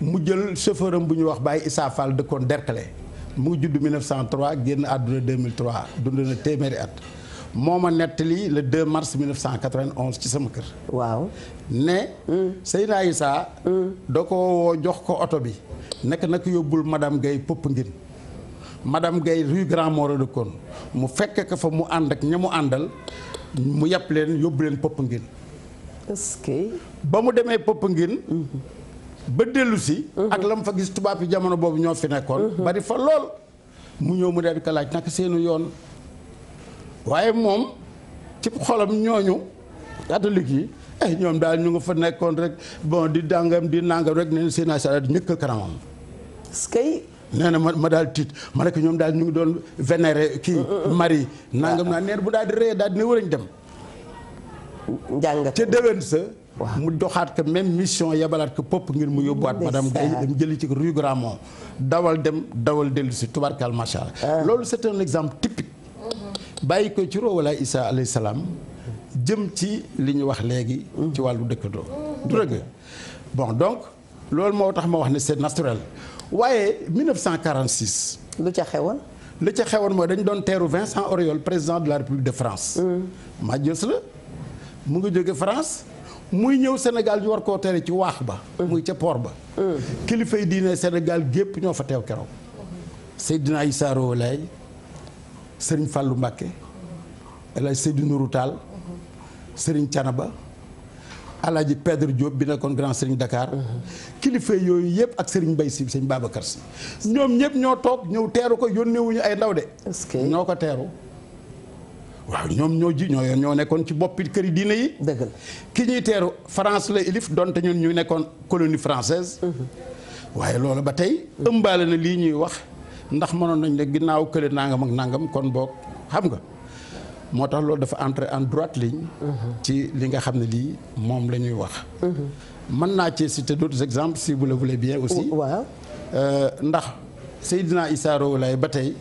mu jël chauffeur bu ñu wax Baye Issa Fall dëkkoon Derklé mu ngi judd 1903 génn àdduna 2003 dund na téeméeri at moo ma nettali le 2 mars 1991 ci sama kër. waaw ne. Mm. Seydina Issa. Mm. da ko jox ko oto bi. nekk nag ko yóbbul madame Guèye Popenguine madame Guèye rue Grand Moro de mu fekk ko fa mu ànd ak ña mu àndal mu yàpp leen yóbbu leen Popenguine. est ba mu demee Popenguine. Mm-hmm. ba dellu mm-hmm. ak la mu fa gis tubaab yi jamono boobu ñoo fi nekkoon. Mm-hmm. bari fa lool mu ñëw mu daal di laaj naka seenu yoon. waaye moom ci xolam ñooñu catholique yi eh ñoom daal ñu nga fa nekkoon rek bon di dàngam di nàngam rek neen seen asara di ñëkk kanamam skay nee ma daal tiit ma ne ko ñoom daal ñu ngi doon vénéré kii Marie nangam naa neen bu daal di ree daal di war añ dem njàngat ca déwén sa mu doxaat ko même mission yabalaat ko popp ngir mu yóbbuwaat madame Gaye dem jël ci rue Gramont dawal dem dawal dellu si tubarkal macha allah ah. loolu c'est un exemple typique mm-hmm. bàyyi ko ci roowalaa Isa alayhi salaam jëm ci li ñu wax léegi. ci wàllu dëkkandoo. du dëgg bon donc loolu moo tax ma wax ne c'est naturel waaye 1946. lu ca xewoon. lu ca xewoon mooy dañ doon teeru Vincent Auriol président de la République de France. Mm. Majos la mu ngi jóge France. muy ñëw Sénégal ñu war koo tere ci waax ba. Mm. muy ca poor ba. Mm. kilifa yi diine Sénégal gépp ñoo fa teew keroog. Seydina Issa Rohou Laye Serigne Fallou Mbacké El Hadj Seydou Nourou sëriñ Canaba Alaaji Pedre Diop bi nekkoon grand Serigne Dakar kilifa yooyu yëpp ak sëriñ Mbaye si Serigne Babacar si ñoom ñëpp ñoo toog ñëw teeru ko yónneewuñu ay ndaw de. ñoo ko teeru. waaw ñoom ñoo ji ñoo ñoo nekkoon ci boppi kër diine yi. dëgg ki ñuy teeru France la ilif donte ñun ñu nekkoon colonie française mhm. waaye loolu ba tey. ëmbaale na lii ñuy wax. ndax mënoon nañ ne ginnaaw kële nangam ak nangam kon boog xam nga moo tax loolu dafa entrer en droite ligne. ci li nga xam ne lii moom la ñuy wax. mën naa ci citer d'autres exemple si vous le bien aussi. waaw euh, ndax Seydina Issa Rouhou Laye ba tey.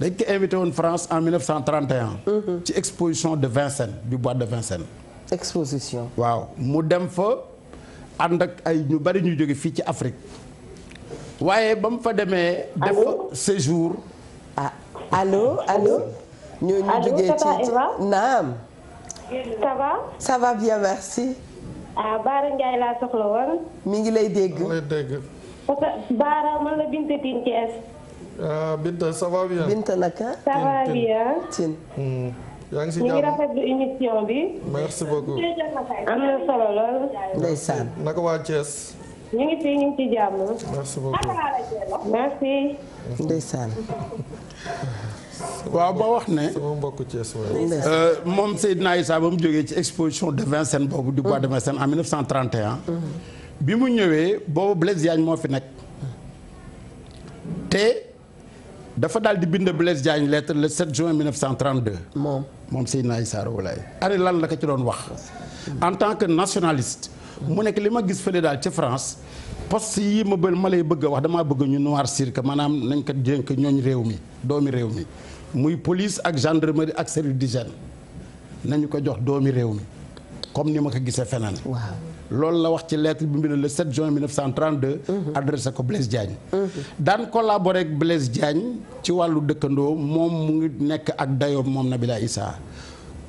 dañ ko invité woon France en 1931. ci exposition de Vincennes du bois de Vincennes. exposition. waaw mu dem fa ànd ak ay ñu bari ñu jóge fii ci Afrique. waaye ba mu fa demee. def séjour. ah allo allo. ñoo ñu jógee ci naam. ça va. ça va bien merci. ah Baara Ndiaye laa soxla woon. mi ngi lay dégg. lay dégg. parce que Baara man la Binta Tine Thiès. ah Binta ça va bien. Binta naka. ça va bien. Tine. Hmm. yaa ngi si jàmm ñu ngi rafetlu émission bi. merci beaucoup. am na solo lool. ndeysaan. naka waa Thiès. ñu ngi fi ñu ngi ci jàmm. merci beaucoup merci. ndeysaan. waaw ba wax ne. sama mbokku Thiès euh, moom ba mu jógee ci exposition de Vincennes boobu. di bois de Vincennes en 1931. bi mu ñëwee boobu Blaise Diagne moo fi nekk. te dafa daal di bind Blaise Diagne lettre le 7 juin 1932. moom moom Seydina Issa Rouhou Laye. lan la ko ci doon wax. en tant que nationaliste. mu nekk li ma gis fële daal ci France poste yi ma bël ma lay bëgg wax damaa bëgg ñu noircir que maanaam nañ ko jénk ñooñ réew mi doomi réew mi muy police ak gendarmerie ak service d'hygiène nañu ko jox doomi réew mi comme ni ma ko gisee feneen. waaw loolu la wax ci lettre bi mu na le 7 juin 1932. Mhm. adressé ko Blaise Diagne. Mhm. daan collaboré ak Blaise Diagne ci wàllu dëkkandoo moom mu ngi nekk ak dayoom moom na Nabila Issa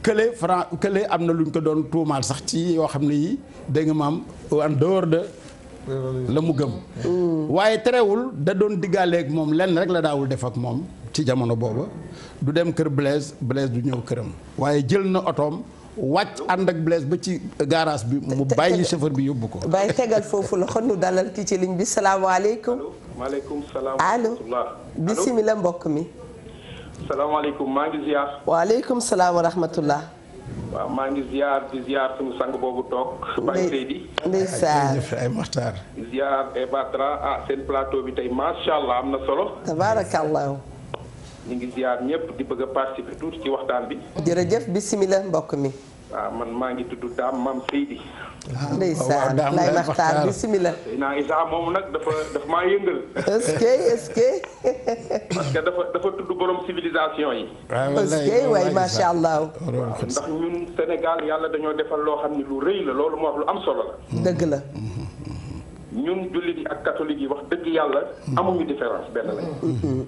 kële Fra kële am na luñ ko doon tuumaal sax ci yoo xam ne yi dégg nga maam en dehors de la mu gëm mm. waaye terewul da doon diggaaleeg moom lenn rek la daawul def ak moom ci jamono booba du dem kër Blaise Blaise du ñëw këram waaye jël na otoom wàcc ànd ak Blaise ba ci garage bi mu bàyyi chauffeur bi yóbbu ko bàyyi tegal foofu loxo nu dalal ki ci ligne bi salaamaaleykum waaleykum salaam allo mbokk mi salaamaaleykum maa ngi ziar. waaleykum salaam wa waaw maa ngi ziar di ziar suñu sang boobu toog. Baye Seydi. ndeysaan ay Maxtaar. ziar Eva ah seen plateau bi tey macha allah am na solo. tabaarakallah. ñu ngi ziar ñëpp di bëgg a participer tuuti ci waxtaan bi. jërëjëf bisimilah mbokk mi. waaw ah, man maa ngi tudd Dame Mame Seydi. ndeysaan lay maxtaar bisimilah. naa Isa moom nag dafa dafa maa yëngal. est-ce que est-ce que. parce que dafa dafa tudd borom civilisation yi. est-ce que waay macha allah. ndax ñun Sénégal yàlla dañoo defal loo xam ni lu rëy la loolu moo wax lu am solo la. dëgg la. ñun jullit yi ak catholique yi wax dëgg yàlla. amuñu différence benn lañ. Mm-hmm.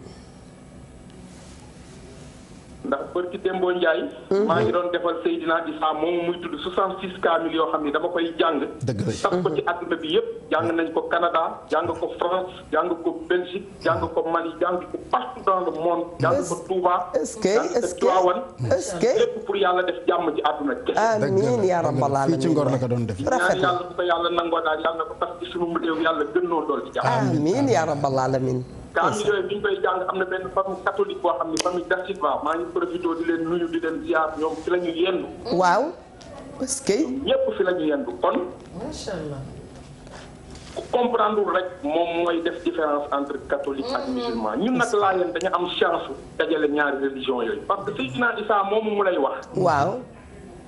ndax bërki Dembo Ndiaye. Mhm. maa ngi doon defal Seydina Issa moom muy tudd 66 kaamil yoo xam ni dama koy jàng. dëgg la sax ko ci àdduna mhm. bi yëpp. jàng nañ ko Canada jàng ko France jàng ko Belgique jàng ko Mali jàng ko partout dans le monde. jàng ko Touba. est-ce que est-ce que Tiwaawan lépp pour yàlla def jàmm ci àdduna bi. amiin yaa rabbal aalamiin ci ngor la na yàlla ko yàlla nangoo daal na ko parce que sunu yàlla gën noo dool ci jàmm. amiin yaa rabbal kaamil yooyu bi ñu koy jàng am na benn famille catholique boo xam ne famille Da Silva maa ngi profité leen nuyu di leen ziar ñoom fi la ñu waaw. parce que. ñëpp fi la ñu yendu kon. macha rek moom mooy def différence entre catholique ak mm-hmm. musulman ñun nag laayeen dañu am chance dajale ñaari religion yooyu parce que Seydina Isa moomu mu lay wax. waaw.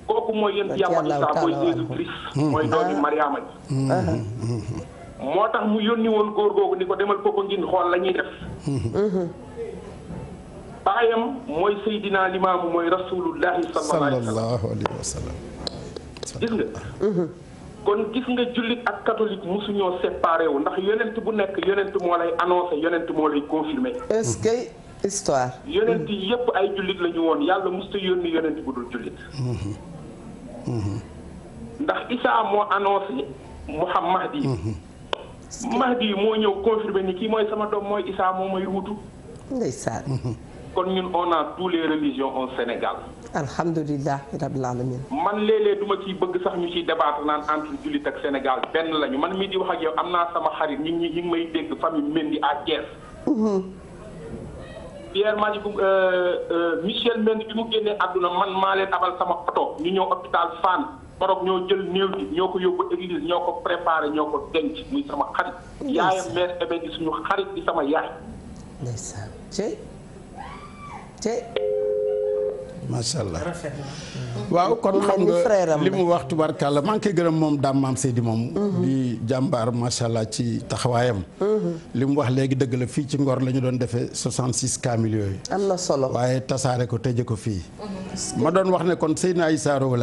kooku mooy yéen yàlla Isa mooy Jésus Christ. mooy mm-hmm. doomi Mariama ji. Mm-hmm. moo tax mu yónni woon góor googu ni ko demal Popenguine ngin xool la ñuy def baayam mooy Seydina Limaamu mooy rasulullahi sallallahu alayhi wa sallam gis nga kon gis nga jullit ak catholique mosuñoo séparé wu ndax yonent bu nekk yonent moo lay annoncé yonent moo lay confirmé est-ce que histoire yonent yépp ay jullit la ñu woon yàlla musta yónni yonent bu dul jullit ndax Isaa moo annoncé Muhammad yi Mahdi moo ñëw confirmer ni kii mooy sama doom mooy Issa moo may wutu. ndeysaan. kon ñun on a tous les religions au Sénégal. alhamdulilah rabbil alamin man léeg-léeg du ma ciy bëgg sax ñu ci débattre naan entre jullit ak Sénégal benn lañu man mii di wax a yow am naa sama xarit ñi ngi ñu ngi may dégg famille Mendy à Thiès. Mhm. Pierre maa ngi euh, euh, Michel Mendy bi mu génnee àdduna man maa leen abal sama oto ñu ñëw hôpital Fann. borom ñoo jël néew bi ñoo ko yóbbu église ñoo ko préparé ñoo ko denc muy sama xarit. yaayam mère Ebe di suñu xarit di sama yaay. ndeysaan cey macha allah waaw kon xam nga li mu wax tubarkàlla maa ngi koy gërëm moom daam maam Seydi moom mhm. di jàmbaar macha allah ci taxawaayam mhm. li mu wax léegi dëgg la fii ci Ngor la ñu doon defee 66 kaamil yooyu am na solo waaye tasaare ko téje ko fii mhm. ma doon wax ne kon Seydina Issa Rouhou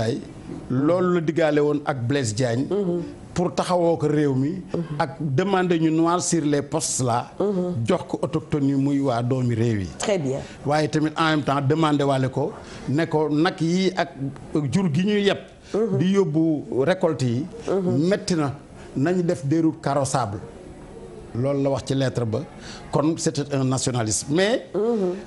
loolu la digaale woon ak Blaise Diagne pour taxawoo ko réew mi. ak demander ñu noircir les post la jox ko autochtone muy waa doomi réew yi. très bien waaye tamit en temps demander waale ko ne ko nag yii ak jur gi ñuy yeb. di yóbbu récolte yi. Mhm. metti na nañu def des routes loolu la wax ci lettre ba kon c'était un nationaliste mais. Mhm.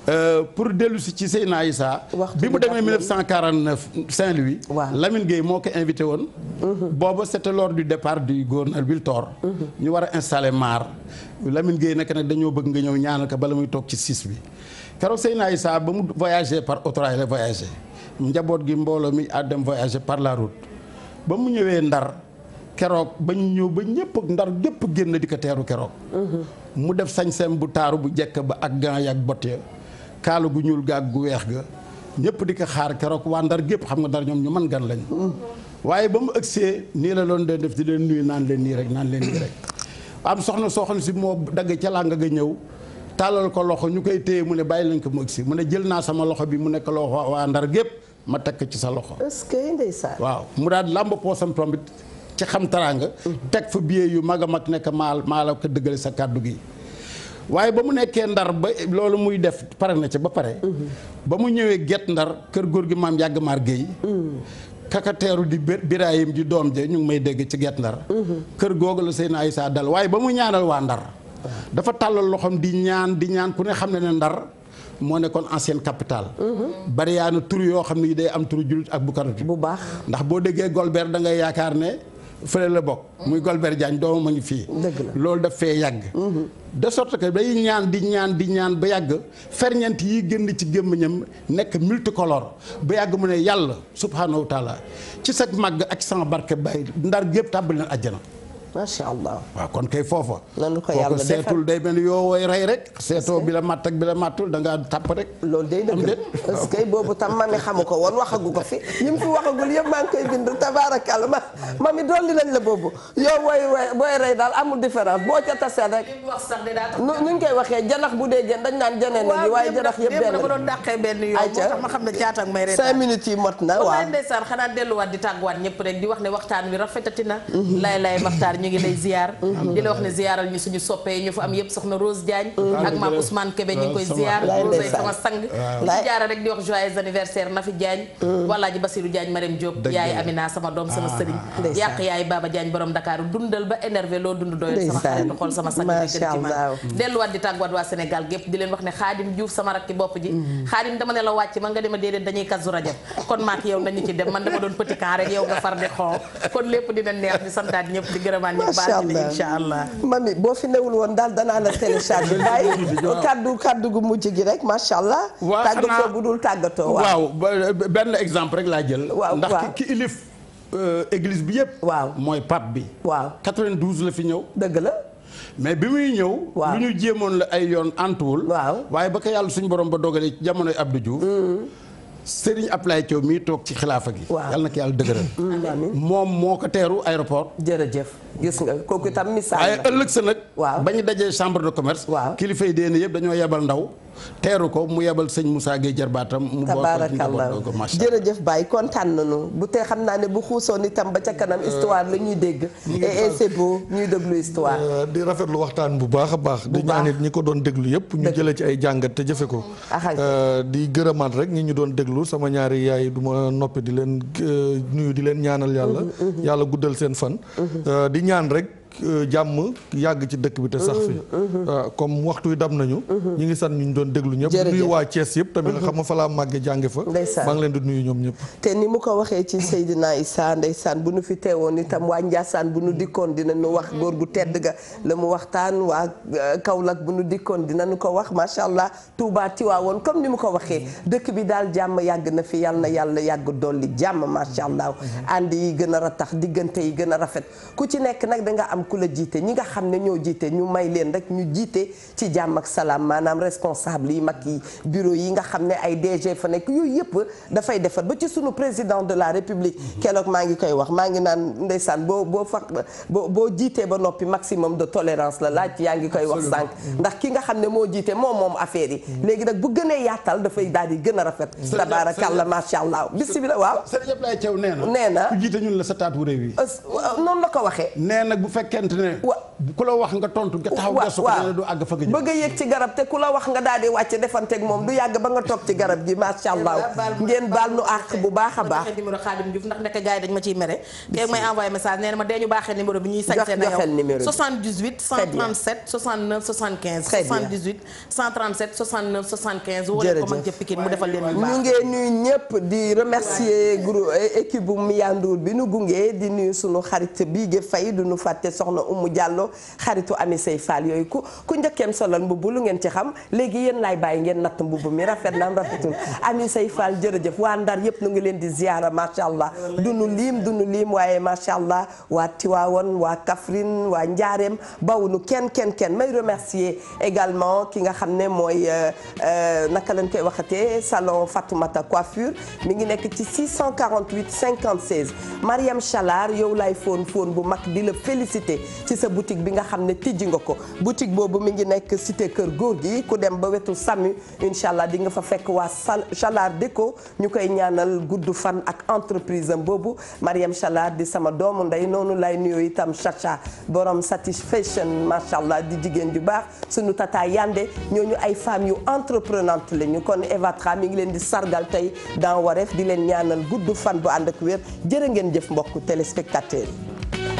Euh, pour dellu si ci Seyna Issa. bi mu demee 1949 Saint-Louis. waaw Lamine Gueye moo ko invité woon. Mhm. booba c'était lors du départ du gouverneur Wiltor. Mhm. ñu war a installé maar Lamine Gueye nag nag dañoo bëgg nga ñëw ñaanaka ko bala muy toog ci siis bi keroog Seyna Issa ba mu voyagé par autorail la njaboot gi mbooloo mi a dem par la route ba mu ñëwee Ndar. keroog bañ ñëw ba ñëpp ndar gépp génn di ko teeru keroog. mu def sañseem bu taaru bu jekk ba ak gants yi ak botte ya kaala gu ñuul ga gu weex ga ñëpp di ko xaar keroog waa ndar gépp xam nga ndar ñoom ñu mën gan lañ. waaye ba mu ëgsee nii la doon def di leen nuyu naan leen nii rek naan leen nii rek. am soxna soxna si moo dagg ca laa nga ñëw tàllal ko loxo ñu koy téye mu ne bàyyi lañ ko mu ëgsi mu ne jël naa sama loxo bi mu nekk loxo waa ndar gépp ma takk ci sa loxo. waaw mu daal làmb poosam tombit ci xam taraanga teg fa billet yu mag a mag nekk maal maala ko dëggale sa kàddu gi waaye ba mu nekkee ndar ba loolu muy def pare na ci ba pare ba mu ñëwee get ndar kër góor gi maam yàgg maar géey kakateeru di Birahim di doom je ñu ngi may dégg ci get ndar kër googu la seen ay saa dal waaye ba mu ñaanal waa ndar dafa tàllal loxoom di ñaan di ñaan ku ne xam ne ne ndar moo nekkoon ancienne capitale. bari yaa na tur yoo xam ne yi day am turu jullit ak bu karatu bu baax ndax boo déggee Golbert da ngay yaakaar ne fële la bokk. muy Golbert Diagne doomam a ngi fii. loolu daf fee yàgg. Mhm. de sorte que day ñaan di ñaan di ñaan ba yàgg ferñeent yi génn ci gémmiñam nekk multicolore ba yàgg mu ne yàlla subhaanahu wa ci sa màgg ak sama barke bay ndar yëpp tàbbal leen àjjana. macha allah waaw kon kay foofa. nanu ko yàlla defal seetul day mel yoo woy rey rek. seetoo bi la matt ak bi la mattul da ngaa tàpp rek. loolu day dëgg parce que boobu tam ko woon waxagu ko fi ñi mu fi waxagul yëpp maa ngi koy bind tabaarakalla ma mami dolli nañ la boobu yow woy woy booy rey daal amul différence boo ca xam ne caat ak may rey cinq minutes yi mot na waaw. kon delluwaat di tàgguwaat ñëpp rek di wax ne waxtaan wi rafetati na mhm. lay lay maxtaar ñu ngi lay ziar di la wax ne ziaral ñu suñu soppee ñu fa am yëpp soxna Rose Diagne ak maam Ousmane Kébé ñu ngi koy ziar Rose sama sang di jaara rek di wax joyeux anniversaire Nafi Diagne mm. walla ji Basirou Diagne Marème Diop yaay Amina sama doom sama ah. sëriñ yàq yaay Baba Diagne borom Dakar dundal ba énervé loo dund doyul sama xarit xool sama sang di tàgguwaat waa mm. dem man doon petit rek yow nga far di xoo kon lépp dina neex di santaat ñëpp di gërëmaat alxuraan yi baax allah mami boo fi newul woon daal danaa la télécharge bàyyi kaddu kaddu gu mujj rek macha allah tàggatoo bu dul tàggatoo waaw benn exemple rek laa jël waaw ndax ki ilif euh, église bi yëpp waaw mooy pape bi waaw 92 la fi ñëw dëgg la mais bi muy ñëw lu ñu jéemoon la ay yoon antuwul waaw waaye ba ko yàlla suñu borom ba dogalee ci jamonoy Abdou Diouf mm-hmm. Serigne Ablaye Thiaw mii toog ci xilaafa gi. waaw yal na ko yàlla dëgëral. moom moo ko teeru aéroport. jërëjëf gis nga kooku tam misaal la waaye ëllëg sa nag. waaw ba ñu dajee chambre de commerce. waaw kilifa yi dee na yëpp dañoo yebal ndaw. teeru ko mu yebal sëñ Moussa Gueye jarbaatam mu tabaarakallah jëf Baye kontaan nañu bu tee xam naa ne bu xuusoon itam ba ca kanam euh, histoire la ñuy dégg et c'est beau ñuy déglu histoire euh, di rafetlu waxtaan bu baax a baax di ñaanit ñi ko doon déglu yëpp ñu jëlee ci ay jàngat te jëfe ko mm, euh, di gërëmaat rek ñi ñu doon déglu sama ñaari yaay du ma noppi di leen nuyu di leen ñaanal yàlla mm-hmm, mm-hmm. yàlla guddal seen fan mm-hmm. di ñaan rek Euh, jàmm yàgg ci dëkk bi te sax fi waaw ah, comme waxtu yi dam nañu ñi ngi sant ñu ñu doon déglu ñëpp nuyu waa Thiès yëpp tamit nga xam nga fa laa màgge jànge fa maa ngi leen di nuyu ñoom ñëpp ni mu ko waxee ci Seydina Issa ndeysaan bu nu fi teewoon itam waa Njaasaan bu nu dikkoon dinañu wax góor gu tedd ga la mu waxtaan waa euh, Kaolack bu nu dikkoon dinañu ko wax macha allah Touba Tiwaawoon comme ni mu ko waxee dëkk bi daal jàmm yàgg na fi yàlla na yàlla yàgg dolli jàmm macha allah ànd yi gën a ratax diggante yi gën a rafet ku ci nekk nag danga am am ku la jiite ñi nga xam ne ñoo jiite ñu may leen rek ñu jiite ci jàmm ak salaam maanaam responsable yi mag yi bureau yi nga xam ne ay DG fa nekk yooyu yëpp dafay defar ba ci sunu président de la république mhm. keroog maa ngi koy wax maa ngi naan ndeysaan boo boo fa boo boo jiitee ba noppi maximum de tolérance la laaj yaa ngi koy wax sànq ndax ki nga xam ne moo jiite moom moom affaire yi mhm. léegi nag bu gënee yaatal dafay daal di gën a rafet mhm. tabaarakàlla macha allah bisimilah waaw sëriñ Ablaye Thiaw nee nee na ku jiite ñun la sa taatu réew yi noonu la ko waxee fekkente ne. ku la wax nga tontu nga taxaw gesu ko du àgg fa nga bëgg a yéeg ci garab te ku la wax nga daal di wàcc defanteeg moom du yàgg ba nga toog ci garab gi macha allah ngeen baal nu àq bu baax a baax numéro Khadim Diouf ndax nekk gars ma ciy mere kay may envoyé message nee na ma dañu baaxee numéro bi ñuy sañse na yow 78 137 69 75 78 137 69 75 wala ko mag jëppikin mu defal leen ñu ngi nuyu ñëpp di remercier groupe eh, équipe bu Miyandour bi nu gungee di nuyu sunu xarit bii gë fay du nu fàtte soxna Umu Diallo xaritu ami say faal yooyu ku ku njëkkeem solal mbubb lu ngeen ci xam léegi yéen laay bàyyi ngeen natt mbubb mi rafet naam rafetul ami say faal jërëjëf waa ndar yëpp nu ngi leen di ziara macha allah dunu liim dunu liim waaye macha allah waa Tiwaawoon waa Kaffrine waa Njaareem nu kenn kenn kenn may remercier également ki nga xam ne mooy euh, euh, naka lañ koy waxatee salon Fatoumata coiffure mu ngi nekk ci 648 56 Mariam Chalar yow laay foon foon bu mag di la féliciter bi nga xam ne tijji nga ko boutique boobu mi ngi nekk cité kër góor gi ku dem ba wetu sàmmi incha allah di nga fa fekk waa Chalar Déco ñu koy ñaanal gudd fan ak entreprise am boobu Mariam Chalar di sama doomu ndey noonu lay nuyoo itam Chacha borom satisfaction macha allah di jigéen ju baax sunu tata Yande ñooñu ay femmes yu entreprenant lañu kon Eva Tra mi ngi leen di sargal tey dans Wareef di leen ñaanal gudd fan bu ànd ak wér jërë ngeen jëf mbokku téléspectateurs